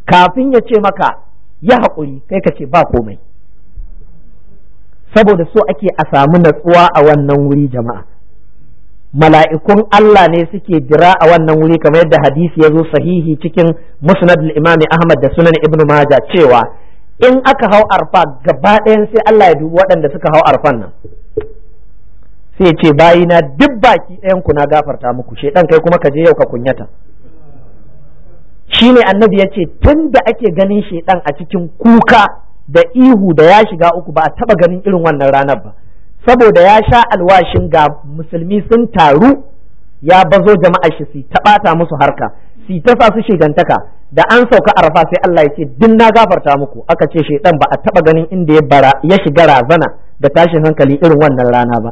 kafin ya ce maka ya haƙuri kai ka ce ba komai saboda so ake a samu natsuwa a wannan wuri jama'a mala'ikun Allah ne suke jira a wannan wuri kamar yadda hadisi ya zo sahihi cikin musnad imam Ahmad da sunan Ibn Majah cewa in aka hau arfa gaba ɗayan sai Allah ya dubi waɗanda suka hau arfan nan sai ce bayina duk baki ɗayan ku na gafarta muku shedan kai kuma ka je yau ka kunyata shi ne annabi ya ce tun da ake ganin shaidan a cikin kuka da ihu da ya shiga uku ba a taba ganin irin wannan ranar ba saboda ya sha alwashin ga musulmi sun taru ya bazo jama'a shi su ta musu harka su ta sa su shigantaka da an sauka rafa sai Allah ya ce din na gafarta muku aka ce shaidan ba a taba ganin inda ya shiga razana da tashin hankali irin wannan rana ba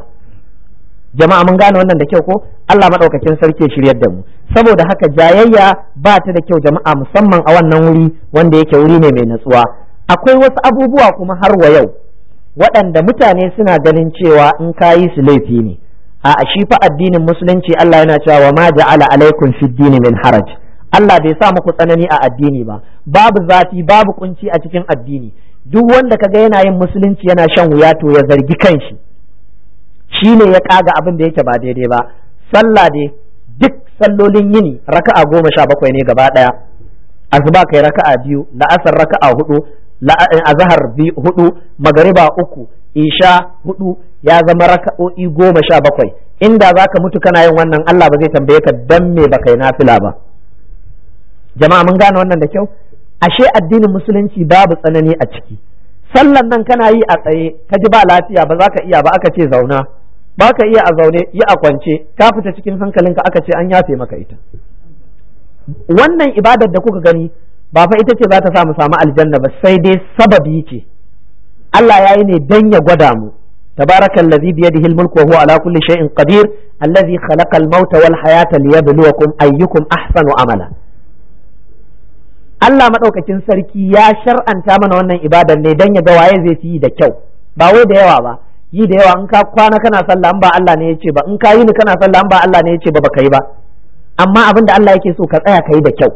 jama'a mun gane wannan da kyau ko Allah madaukakin sarki shiryar da mu saboda haka jayayya ba ta da kyau jama'a musamman a wannan wuri wanda yake wuri ne mai natsuwa akwai wasu abubuwa kuma har wa yau waɗanda mutane suna ganin cewa in ka yi su laifi ne a shi fa addinin musulunci Allah yana cewa wa ma ja'ala alaikum fid dini min haraj Allah bai sa muku tsanani a addini ba babu zafi babu kunci a cikin addini duk wanda kaga yana yin musulunci yana shan wuya to ya zargi kanshi shi ne ya kaga abin da yake ba daidai ba sallah dai duk sallolin yini raka'a goma sha bakwai ne gaba daya azuba kai raka'a biyu la'asar raka'a hudu eh, azhar hudu magariba uku isha hudu ya zama raka'o'i goma sha bakwai inda za ka mutu kana yin wannan Allah ba zai tambaye ka dan me baka yi nafila ba jama'a mun gane wannan da kyau ashe addinin musulunci babu tsanani a ciki sallan nan kana yi a tsaye ka ji ba lafiya ba za ka iya ba aka ce zauna ba ka iya a zaune yi a kwance ka fita cikin hankalinka aka ce an yafe maka ita wannan ibadar da kuka gani ba fa ita ce za ta sa mu samu aljanna ba sai dai sababi ce Allah ya yi ne dan ya gwada mu tabarakan ladhi bi yadihi al wa huwa ala kulli shay'in qadir alladhi khalaqa al-mauta wal hayata liyabluwakum ayyukum ahsanu amala Allah madaukakin sarki ya shar'anta mana wannan ibadar ne dan ya ga waye zai yi da kyau ba wai da yawa ba yi da yawa in ka kwana kana sallah an ba Allah ne yace ba in ka yi ni kana sallah an ba Allah ne yace ba baka yi ba amma abin da Allah yake so ka tsaya ka yi da kyau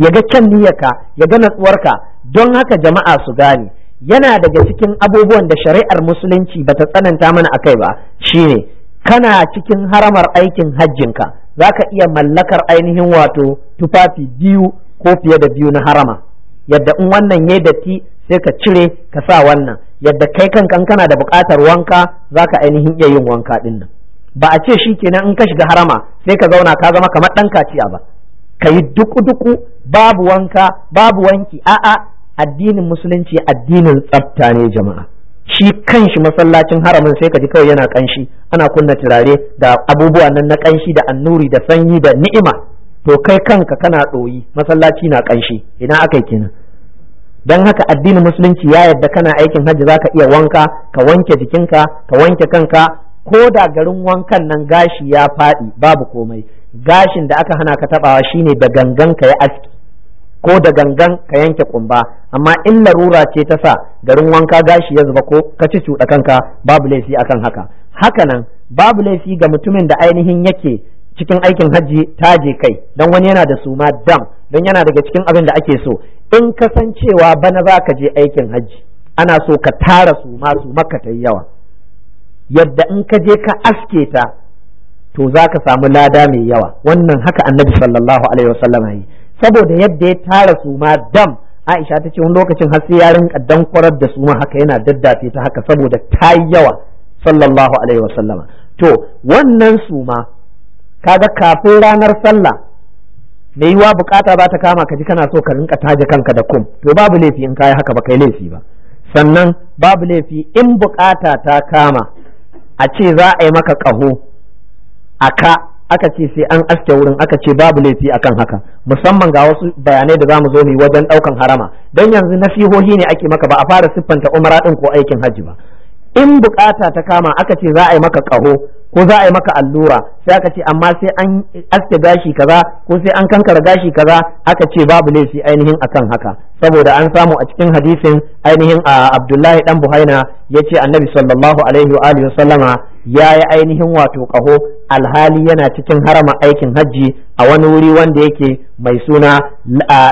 ya ga kyan niyyarka ya ga natsuwarka don haka jama'a su gane yana daga cikin abubuwan da shari'ar musulunci bata tsananta mana akai ba shine kana cikin haramar aikin hajjinka za ka iya mallakar ainihin wato tufafi biyu ko fiye da biyu na harama yadda in wannan ya datti sai ka cire ka sa wannan yadda kai kan kankana da buƙatar wanka za ka ainihin iya yin wanka din nan ba a ce shi kenan in ka shiga harama sai ka zauna ka zama kamar ɗan kaciya ba ka yi duku-duku babu wanka babu wanki a'a addinin musulunci addinin tsafta ne jama'a shi kanshi masallacin haramin sai ka ji kawai yana kanshi ana kunna turare da abubuwan nan na kanshi da annuri da sanyi da ni'ima to kai kanka kana ɗoyi masallaci na kanshi ina aka yi kenan don haka addinin musulunci ya yadda kana aikin hajji za ka iya wanka ka wanke jikinka ka wanke kanka ko da garin wankan nan gashi ya faɗi babu komai gashin da aka hana ka tabawa shine da gangan ka ya aski ko da gangan ka yanke kumba amma in larura ce ta sa garin wanka gashi ya zuba ko ka ci cuɗa kanka babu laifi akan haka haka nan babu laifi ga mutumin da ainihin yake cikin aikin hajji ta je kai don wani yana da suma dam don yana daga cikin abin da ake so in kasancewa bana za ka je aikin hajji ana so ka tara suma suma ka ta yawa yadda in ka je ka aske ta to za ka samu lada mai yawa wannan haka annabi sallallahu alaihi wasallam yi saboda yadda ya tara suma dam Aisha ta ce wani lokacin har sai ya rinka dankwarar da suma haka yana daddafe ta haka saboda ta yawa sallallahu alaihi wasallam to wannan suma kaga kafin ranar sallah mai yiwa bukata ba ta kama ka ji kana so ka rinka taje kanka da kum to babu laifi in kayi haka ba kai laifi ba sannan babu laifi in bukata ta kama a ce za a yi maka kaho a ka aka ce sai an aske wurin aka ce babu laifi akan haka musamman ga wasu bayanai da zamu zo mu wajen daukan harama dan yanzu nasihohi ne ake maka ba a fara siffanta umara din ko aikin haji ba in bukata ta kama aka ce za a yi maka ƙaho ko za a yi maka allura sai aka ce amma sai an aske gashi kaza ko sai an kankara gashi kaza aka ce babu laifi ainihin akan haka saboda an samu a cikin hadisin ainihin a Abdullahi dan Buhaina ya ce Annabi sallallahu alaihi wa alihi sallama yayi ainihin wato ƙaho alhali yana cikin harama aikin hajji a wani wuri wanda yake mai suna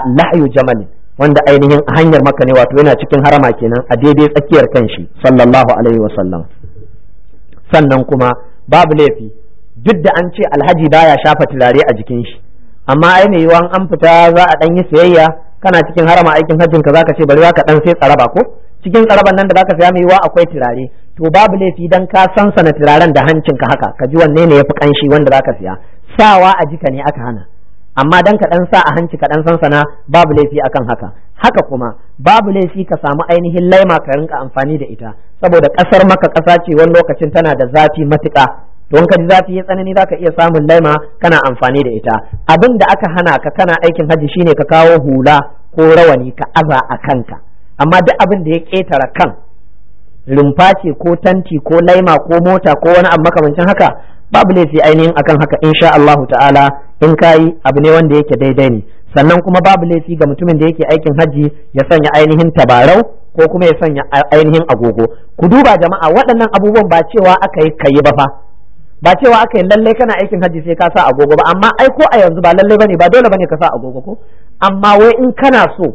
lahyu jamalin wanda ainihin hanyar maka ne wato yana cikin harama kenan a daidai tsakiyar kanshi sallallahu alaihi sallam sannan kuma babu laifi duk da an ce alhaji baya shafa turare a jikin shi amma ai mai yiwuwa an fita za a dan yi sayayya kana cikin harama aikin hajjin ka zaka ce bari zaka dan sai tsaraba ko cikin tsaraban nan da zaka saya mai yiwuwa akwai turare to babu laifi dan ka sansana turaren da hancin ka haka ka ji wanne ne yafi kanshi wanda zaka saya sawa a jika ne aka hana amma dan ka dan sa a hanci ka dan sansana babu laifi akan haka haka kuma babu laifi ka samu ainihin laima ka rinka amfani da ita saboda kasar maka kasa ce wani lokacin tana da zafi matuƙa don ka ji zafi ya tsanani za ka iya samun laima kana amfani da ita abin da aka hana ka kana aikin hajji shine ka kawo hula ko rawani ka aza a kanka amma duk abin da ya ƙetara kan rumfa ce ko tanti ko laima ko mota ko wani abu makamancin haka babu laifi ainihin akan haka insha Allahu ta'ala in kayi abu ne wanda yake daidai ne sannan kuma babu laifi ga mutumin da yake aikin hajji ya sanya ainihin tabarau ko kuma ya sanya ainihin agogo ku duba jama'a waɗannan abubuwan ba cewa aka yi kayi ba fa ba cewa aka yi lallai kana aikin hajji sai ka sa agogo ba amma ai ko a yanzu ba lallai bane ba dole bane ka sa agogo ko amma wai in kana so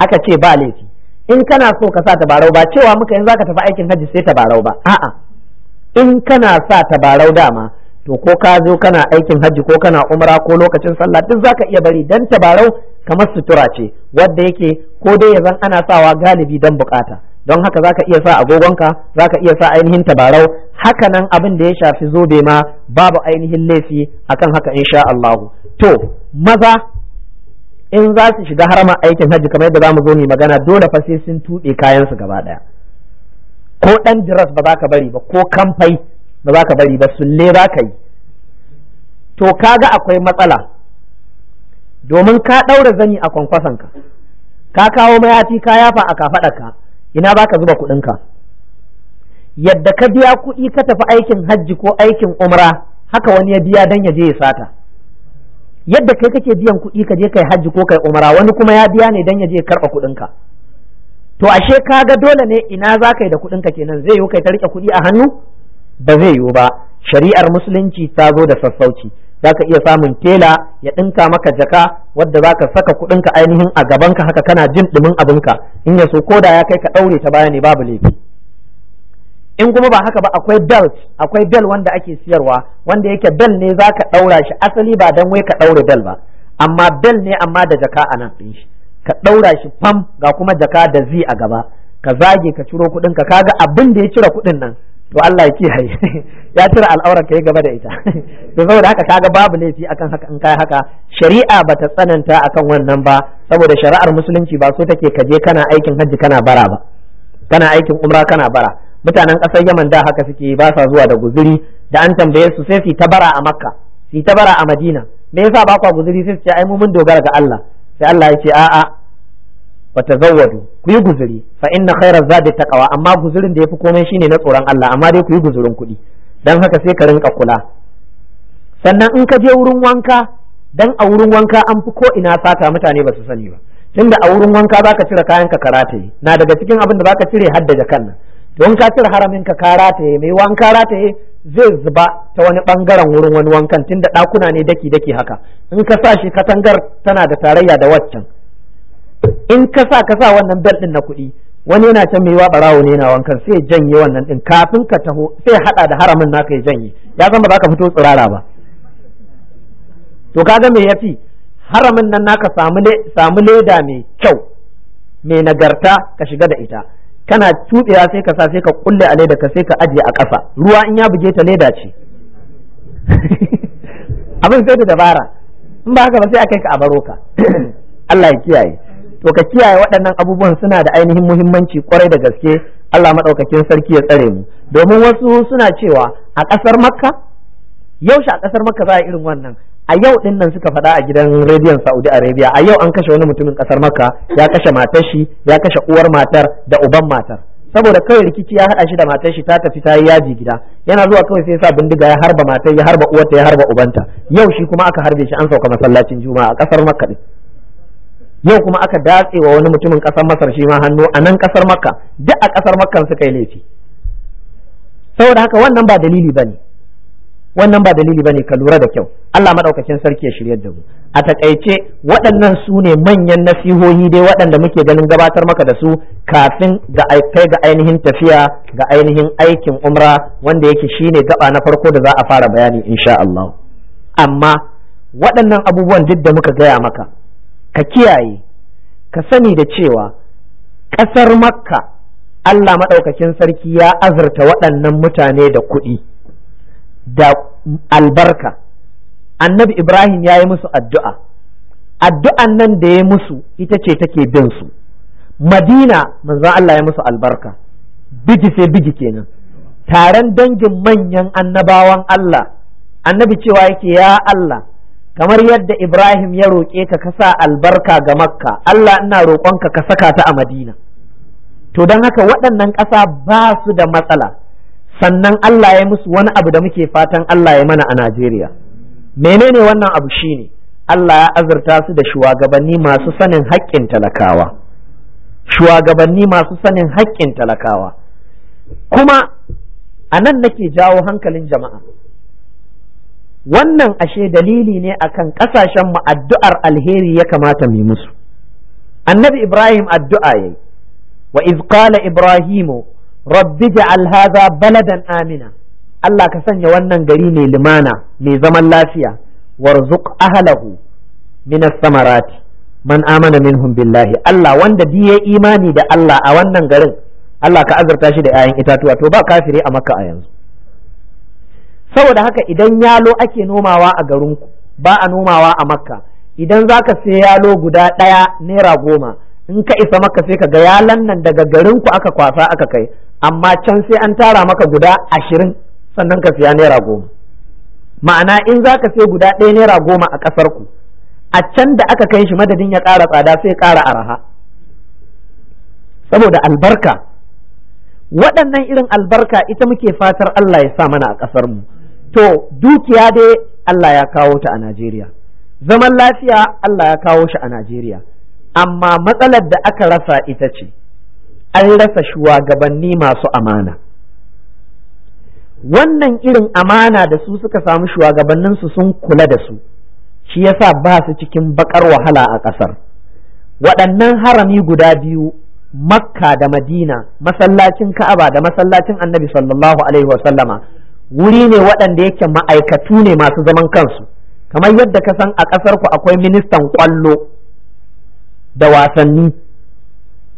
aka ce ba laifi in kana so ka sa tabarau ba cewa muka yanzu zaka tafi aikin hajji sai tabarau ba a'a in kana sa tabarau dama to ko ka zo kana aikin hajji ko kana umra ko lokacin sallah duk zaka iya bari dan tabarau kamar sutura ce wadda yake ko dai yazan ana sawa galibi dan bukata don haka zaka iya sa agogonka zaka iya sa ainihin tabarau haka nan abin da ya shafi zobe ma babu ainihin laifi akan haka insha Allah to maza in za su shiga harama aikin hajji kamar yadda zamu zo mu magana dole fa sai sun tuɓe kayan su gaba daya ko dan diras ba za ka bari ba ko kamfai ba za ka bari ba sulle ba ka yi to kaga akwai matsala domin ka ɗaura zani a kwankwasanka ka kawo mayafi ka yafa a kafaɗarka ina ba ka zuba kuɗinka yadda ka biya kuɗi ka tafi aikin hajji ko aikin umra haka wani ya biya don ya je ya sata yadda kai kake biyan kuɗi ka je kai hajji ko kai umra wani kuma ya biya ne don ya je ya karɓa kuɗinka to ashe kaga dole ne ina za ka yi da kuɗinka kenan zai yi kai ta riƙe kuɗi a hannu ba zai yiwu ba shari'ar musulunci ta zo da sassauci za ka iya samun tela ya ɗinka maka jaka wadda za ka saka kuɗinka ainihin a gabanka haka kana jin ɗumin abinka in ya so ko da ya kai ka ɗaure ta baya ne babu laifi in kuma ba haka ba akwai belt akwai bel wanda ake siyarwa wanda yake bel ne za ka ɗaura shi asali ba don wai ka ɗaure bel ba amma bel ne amma da jaka a nan ɗin shi ka ɗaura shi fam ga kuma jaka da zi a gaba ka zage ka ciro kuɗinka ga abin da ya cire kuɗin nan to Allah ya kiyaye ya cire al'aurar ka yi gaba da ita to saboda haka kaga babu laifi akan haka in kai haka shari'a bata tsananta akan wannan ba saboda shari'ar musulunci ba so take kaje kana aikin hajji kana bara ba kana aikin umra kana bara mutanen ƙasar Yaman da haka suke ba sa zuwa da guzuri da an tambaye su sai su ta bara a Makka su ta bara a Madina me yasa ba kwa guzuri sai su ce ai mu mun dogara ga Allah sai Allah ya ce a'a fatazawwadu ku yi guzuri fa inna khairaz zadi taqwa amma guzurin da yafi komai shine na tsoron Allah amma dai ku yi guzurin kuɗi dan haka sai ka rinka kula sannan in ka je wurin wanka dan a wurin wanka an fi ko ina sata mutane ba su sani ba tunda a wurin wanka zaka cire kayan ka karataye na daga cikin abin da zaka cire hadda jakan nan don ka cire haramin ka karataye mai wanka rataye zai zuba ta wani bangaren wurin wani wankan tunda dakuna ne daki daki haka in ka sa shi katangar tana da tarayya da waccan in ka sa ka sa wannan bel din na kuɗi wani yana can mai barawo ne na wankan sai ya janye wannan din kafin ka taho sai haɗa da haramin naka ya janye ya san ba za ka fito tsirara ba to ga me ya fi haramin nan naka samu leda mai kyau mai nagarta ka shiga da ita kana tuɓewa sai ka sa sai ka kulle a leda ka sai ka ajiye a ƙasa ruwa in ya buge ta leda ce abin sai da dabara in ba haka ba sai a kai ka a baro ka Allah ya kiyaye to ka kiyaye waɗannan abubuwan suna da ainihin muhimmanci kwarai da gaske Allah maɗaukakin sarki ya tsare mu domin wasu suna cewa a ƙasar makka yaushe a ƙasar makka za a irin wannan a yau ɗin nan suka faɗa a gidan rediyon Saudi Arabia a yau an kashe wani mutumin ƙasar Makka ya kashe matar shi ya kashe uwar matar da uban matar saboda kawai rikici ya haɗa shi da matar shi ta tafi ta yi yaji gida yana zuwa kawai sai sa bindiga ya harba matar ya harba uwarta ya harba ubanta yau shi kuma aka harbe shi an sauka masallacin juma'a a ƙasar Makka ɗin yau kuma aka datse wa wani mutumin kasar masar shi ma hannu a nan kasar makka duk a kasar makka suka yi laifi saboda haka wannan ba dalili bane wannan ba dalili bane ka lura da kyau Allah madaukakin sarki ya shiryar da mu a takaice waɗannan su ne manyan nasihohi dai waɗanda muke ganin gabatar maka da su kafin ga kai ga ainihin tafiya ga ainihin aikin umra wanda yake shine gaba na farko da za a fara bayani insha Allah amma waɗannan abubuwan duk da muka gaya maka ka kiyaye ka sani da cewa ƙasar makka Allah maɗaukakin sarki ya azurta waɗannan mutane da kuɗi da albarka annabi ibrahim ya yi musu addu'a addu'an nan da ya musu ita ce take bin su madina manzon Allah ya musu albarka biji sai biji kenan taron dangin manyan annabawan Allah annabi cewa yake ya Allah kamar yadda Ibrahim ya roƙe ka kasa albarka ga Makka Allah ina roƙonka ka saka ta a Madina to don haka waɗannan ƙasa ba su da matsala sannan Allah ya musu wani abu da muke fatan Allah ya mana a Najeriya menene wannan abu shi ne? Allah ya azurta su da shugabanni masu sanin haƙƙin talakawa shugabanni masu sanin haƙƙin talakawa kuma a nan nake jawo hankalin jama'a wannan ashe dalili ne akan kasashen mu addu'ar alheri ya kamata mu musu annabi ibrahim addu'a yayi wa iz qala ibrahimu rabbi ja'al hadha baladan amina Allah ka sanya wannan gari mai limana mai zaman lafiya warzuq ahlahu min man amana minhum billahi Allah wanda bi ya imani da Allah a wannan garin Allah ka azurta shi da 'ya'yan itatuwa to ba kafiri a makka a yanzu saboda haka idan yalo ake nomawa a garinku ba a nomawa a makka idan za ka sai yalo guda ɗaya naira goma in ka isa maka sai ka ga yalon nan daga garinku aka kwasa aka kai amma can sai an tara maka guda ashirin sannan ka siya naira goma ma'ana in za ka sai guda ɗaya naira goma a ƙasar ku a can da aka kai shi madadin ya ƙara tsada sai ƙara araha saboda albarka waɗannan irin albarka ita muke fatar Allah ya sa mana a ƙasar mu to dukiya dai Allah ya kawo ta a Najeriya zaman lafiya Allah ya kawo shi a Najeriya amma matsalar da aka rasa ita ce an rasa shugabanni masu amana wannan irin amana da su suka samu shugabanninsu sun kula da su shi yasa ba su cikin bakar wahala a ƙasar waɗannan harami guda biyu makka da madina masallacin ka'aba da masallacin annabi sallallahu alaihi wasallama wuri ne waɗanda yake ma'aikatu ne masu zaman kansu kamar yadda ka san a ƙasar ku akwai ministan ƙwallo da wasanni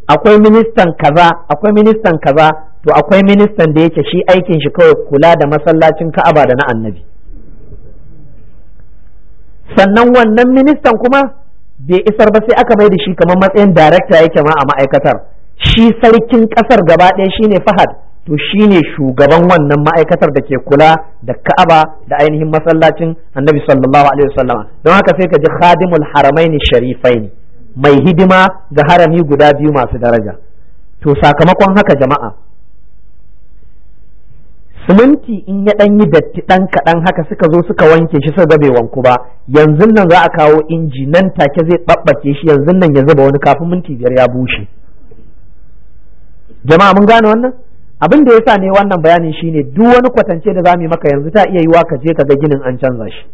akwai ministan kaza akwai ministan kaza to akwai ministan da yake shi aikin shi kawai kula da masallacin ka'aba da na annabi sannan wannan ministan kuma bai isar ba sai aka bai da shi kamar matsayin darakta yake ma a ma'aikatar shi sarkin ƙasar gaba ɗaya shine fahad to shi ne shugaban wannan ma'aikatar da ke kula da Ka'aba da ainihin masallacin Annabi sallallahu alaihi wasallama don haka sai ka ji khadimul haramaini sharifaini mai hidima ga harami guda biyu masu daraja to sakamakon haka jama'a siminti in ya dan yi datti dan kaɗan haka suka zo suka wanke shi suka bai wanku ba yanzu nan za a kawo inji nan take zai babbace shi yanzu nan ya zuba wani kafin minti biyar ya bushe jama'a mun gane wannan abin da yasa ne wannan bayanin shine duk wani kwatance da za mu yi maka yanzu ta iya yiwa ka je ka ga ginin an canza shi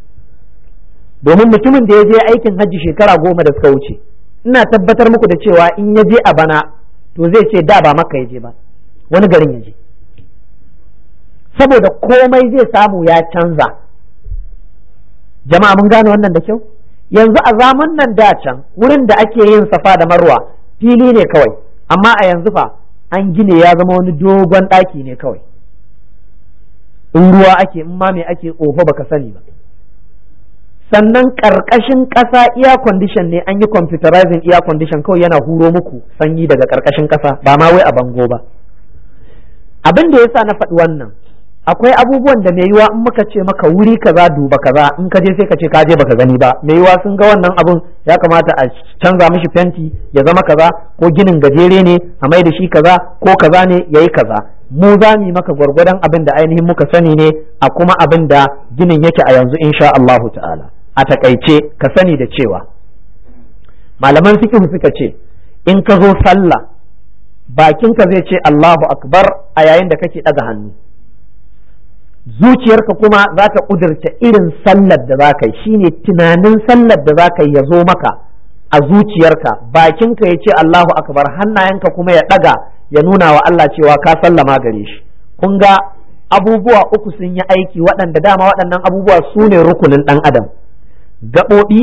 domin mutumin da ya je aikin hajji shekara goma da suka wuce ina tabbatar muku da cewa in ya je a bana to zai ce da ba maka ya je ba wani garin ya je saboda komai zai samu ya canza jama'a mun gane wannan da kyau yanzu a zaman nan da can wurin da ake yin safa da marwa fili ne kawai amma a yanzu fa an gine ya zama wani dogon ɗaki ne kawai in ruwa ake in ma ake ƙofa baka sani ba sannan ƙarƙashin ƙasa iya condition ne an yi computerizing iya condition kawai yana huro muku sanyi daga ƙarƙashin ƙasa ba ma wai a bango ba abin da yasa na faɗi wannan akwai abubuwan da mai yiwa in muka ce maka wuri kaza duba kaza in ka je sai ka ce ka je baka gani ba mai yiwa sun ga wannan abun ya kamata a canza mishi fenti ya zama kaza ko ginin gajere ne a mai da shi kaza ko kaza ne ya yi kaza mu za mu yi maka gwargwadon abin da ainihin muka sani ne a kuma abin da ginin yake a yanzu insha Allahu ta'ala a takaice ka sani da cewa malaman fiqh suka ce in ka zo sallah bakinka zai ce Allahu akbar a yayin da kake daga hannu zuciyarka kuma za ta ƙudurta irin sallar da za ka yi shine tunanin sallar da za ka yi ya zo maka a zuciyarka bakinka ya ce Allahu akbar hannayenka kuma ya ɗaga ya nuna wa Allah cewa ka sallama gare shi kun ga abubuwa uku sun yi aiki waɗanda dama waɗannan abubuwa su ne rukunin ɗan adam gaɓoɓi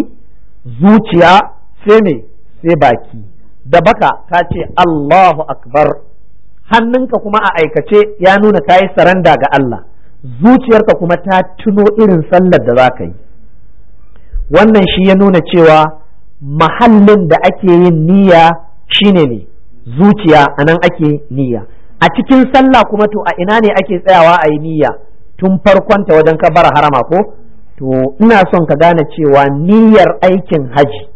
zuciya sai me sai baki da baka ka ce Allahu akbar hannunka kuma a aikace ya nuna ka yi saranda ga Allah zuciyarka kuma ta tuno irin sallar da za ka yi wannan shi ya nuna cewa mahallin da ake yin niyya shine ne zuciya a nan ake niyya a cikin sallah kuma to a ina ne ake tsayawa a yi niyya tun farkonta wajen kabara harama ko to ina son ka gane cewa niyyar aikin haji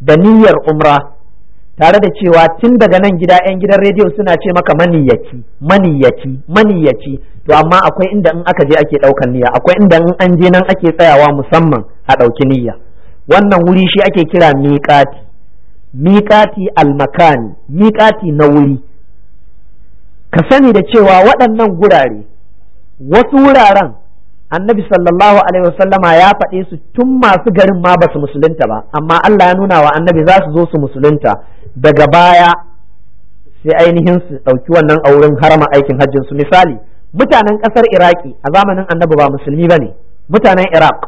da niyyar umra tare da cewa tun daga nan gida 'yan gidan rediyo suna ce maka maniyaci maniyaci maniyaci to amma akwai inda in aka je ake ɗaukan niyya akwai inda in an je nan ake tsayawa musamman a ɗauki niyya wannan wuri shi ake kira miƙati miƙati almakani miƙati na wuri ka sani da cewa waɗannan gurare wasu wuraren annabi sallallahu alaihi wasallama ya faɗi su tun masu garin ma ba su musulunta ba amma Allah ya nuna wa annabi za su zo su musulunta daga baya sai ainihin su ɗauki wannan a harama aikin hajjin su misali mutanen ƙasar iraki a zamanin annabi ba musulmi ba ne mutanen iraq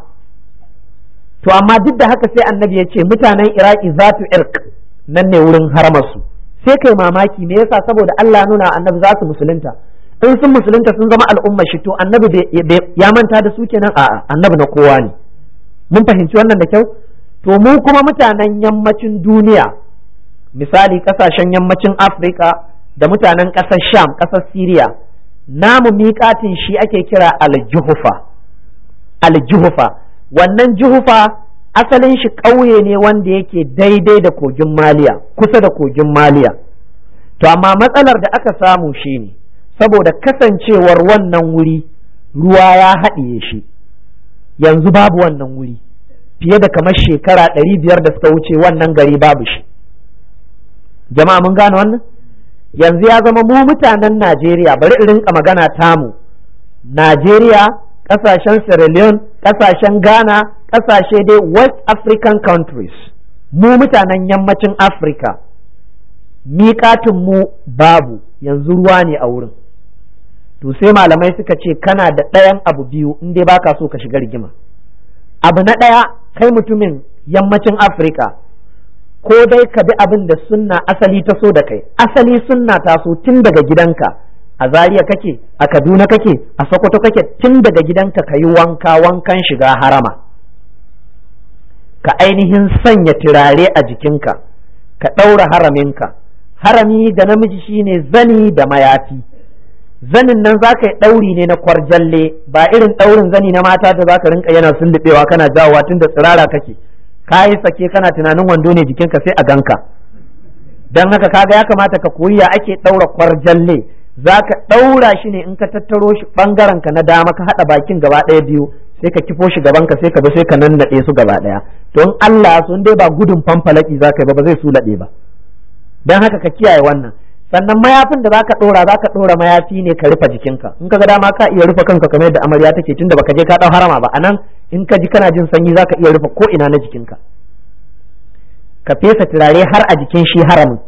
to amma duk da haka sai annabi ya ce mutanen iraki za su irk nan ne wurin haramarsu sai kai mamaki me yasa saboda Allah ya nuna annabi za su musulunta in sun musulunta sun zama al'umma shi to annabi ya manta da su kenan a annabi na kowa ne mun fahimci wannan da kyau to mu kuma mutanen yammacin duniya misali kasashen yammacin afirka da mutanen ƙasar sham ƙasar siriya namu miƙatin shi ake kira aljuhufa aljuhufa wannan juhufa asalin shi ƙauye ne wanda yake daidai da kogin maliya kusa da kogin maliya to amma matsalar da aka samu shi ne saboda kasancewar wannan wuri ruwa ya haɗiye shi yanzu babu wannan wuri fiye da kamar shekara ɗari biyar da suka wuce wannan gari babu shi jama'a mun gane wannan yanzu ya zama mu mutanen najeriya bari in rinka magana tamu najeriya ƙasashen sierra leone ƙasashen ghana ƙasashe dai west african countries mu mutanen yammacin afirka miƙatinmu babu yanzu ruwa ne a wurin to sai malamai suka ce kana da ɗayan abu biyu in dai baka so ka shiga rigima abu na ɗaya kai mutumin yammacin afirka ko dai ka bi abin da sunna asali ta so da kai asali sunna ta so tun daga gidanka a Zariya kake a kaduna kake a sokoto kake tun daga gidanka ka yi wanka wankan shiga harama ka ainihin sanya turare a jikinka ka ɗaura haraminka harami da namiji shine zani da mayafi zanin nan za ka yi ɗauri ne na kwarjalle ba irin ɗaurin zani na mata da za ka rinka yana sunduɓewa kana jawowa tun da tsirara kake ka yi sake kana tunanin wando ne jikinka sai a ganka don haka kaga ya kamata ka koyi ya ake ɗaura kwarjalle za ka ɗaura shi ne in ka tattaro shi ɓangaren ka na dama ka haɗa bakin gaba ɗaya biyu sai ka kifo shi gaban ka sai ka bi sai ka nannaɗe su gaba ɗaya don Allah sun dai ba gudun fanfalaki za ka yi ba ba zai sulaɗe ba don haka ka kiyaye wannan sannan mayafin da zaka dora zaka dora mayafi ne ka rufe jikinka in ka ga dama ka iya rufe kanka kamar yadda amarya take tunda baka je ka dau harama ba anan in ka ji kana jin sanyi zaka iya rufe ko ina na jikinka ka fesa turare har a jikin shi haramin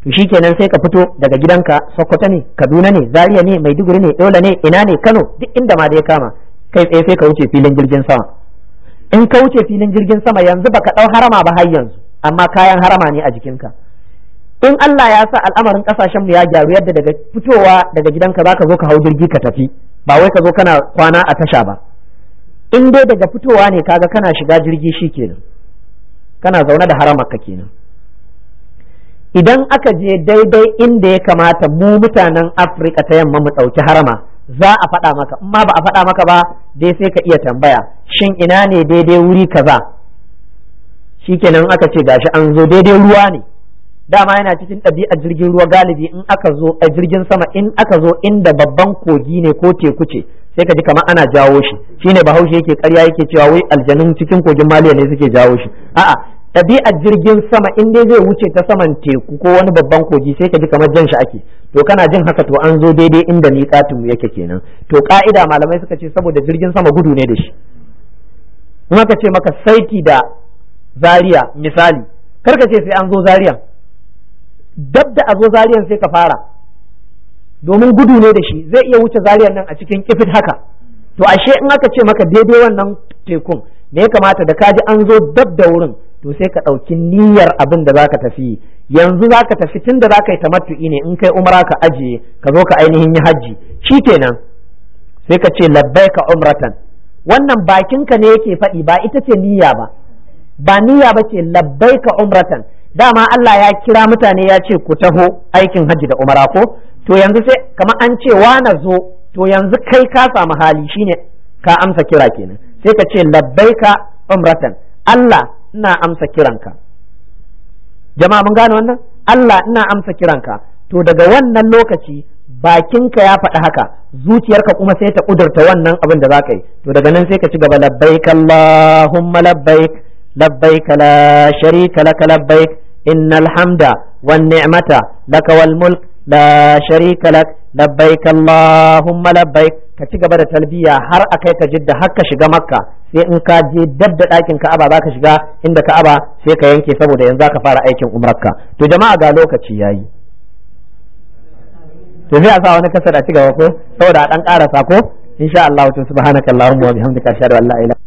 to shikenan sai ka fito daga gidanka Sokoto ne Kaduna ne Zaria ne Maiduguri ne dole ne ina ne Kano duk inda ma da ya kama kai tsaye sai ka wuce filin jirgin sama in ka wuce filin jirgin sama yanzu baka dau harama ba har yanzu amma kayan harama ne a jikinka in Allah ya sa al'amarin kasashen mu ya gyaru yadda daga fitowa daga gidanka zaka zo ka hau jirgi ka tafi ba wai ka zo kana kwana a tasha ba in dai daga fitowa ne kaga kana shiga jirgi shi kenan kana zaune da haramarka kenan idan aka je daidai inda ya kamata mu mutanen Afirka ta yamma mu ɗauki harama za a faɗa maka amma ba a faɗa maka ba dai sai ka iya tambaya shin ina ne daidai wuri kaza shikenan aka ce gashi an zo daidai ruwa ne dama yana cikin ɗabi'ar jirgin ruwa galibi in aka zo a jirgin sama in aka zo inda babban kogi ne ko teku ce sai ka ji kamar ana jawo shi shine bahaushe yake karya yake cewa wai aljanun cikin kogin maliya ne suke jawo shi a'a ɗabi'ar jirgin sama in dai zai wuce ta saman teku ko wani babban kogi sai ka ji kamar jan shi ake to kana jin haka to an zo daidai inda miƙatin yake kenan to ka'ida malamai suka ce saboda jirgin sama gudu ne da shi kuma ka ce maka saiti da zariya misali kar ka ce sai an zo zariyan dab da a zo zariyan sai ka fara domin gudu ne da shi zai iya wuce zariyan nan a cikin kifit haka to ashe in aka ce maka daidai wannan tekun me ya kamata da kaji an zo dab da wurin to sai ka ɗauki niyyar abin da zaka tafi yanzu zaka tafi tun da zaka yi tamattu'i ne in kai umra ka ajiye ka zo ka ainihin yi hajji kenan sai ka ce labbaika umratan wannan bakinka ne yake faɗi ba ita ce niyya ba ba niyya ba ce labbaika umratan dama Allah ya kira mutane ya ce ku taho aikin hajji da umara ko to yanzu sai kamar an ce na zo to yanzu kai ka samu hali shine ka amsa kira kenan sai ka ce labbaika umratan Allah ina amsa kiranka jama'a mun gane wannan Allah ina amsa kiranka to daga wannan lokaci bakinka ya faɗi haka zuciyarka kuma sai ta ƙudurta wannan abin da za ka yi to daga nan sai ka ci gaba labbaik Allahumma labbaik labbaik la sharika laka labbaik innal hamda wan ni'mata laka wal mulk la sharika lak labbaik ka ci gaba da talbiya har a kai ka jidda har ka shiga makka sai in ka je dab da ɗakin ka'aba za ka shiga inda ka'aba sai ka yanke saboda yanzu za ka fara aikin umrarka to jama'a ga lokaci yayi to sai a sa wani kasar a ci gaba ko saboda a dan karasa ko insha Allah to subhanakallahumma wa bihamdika ashhadu an la ilaha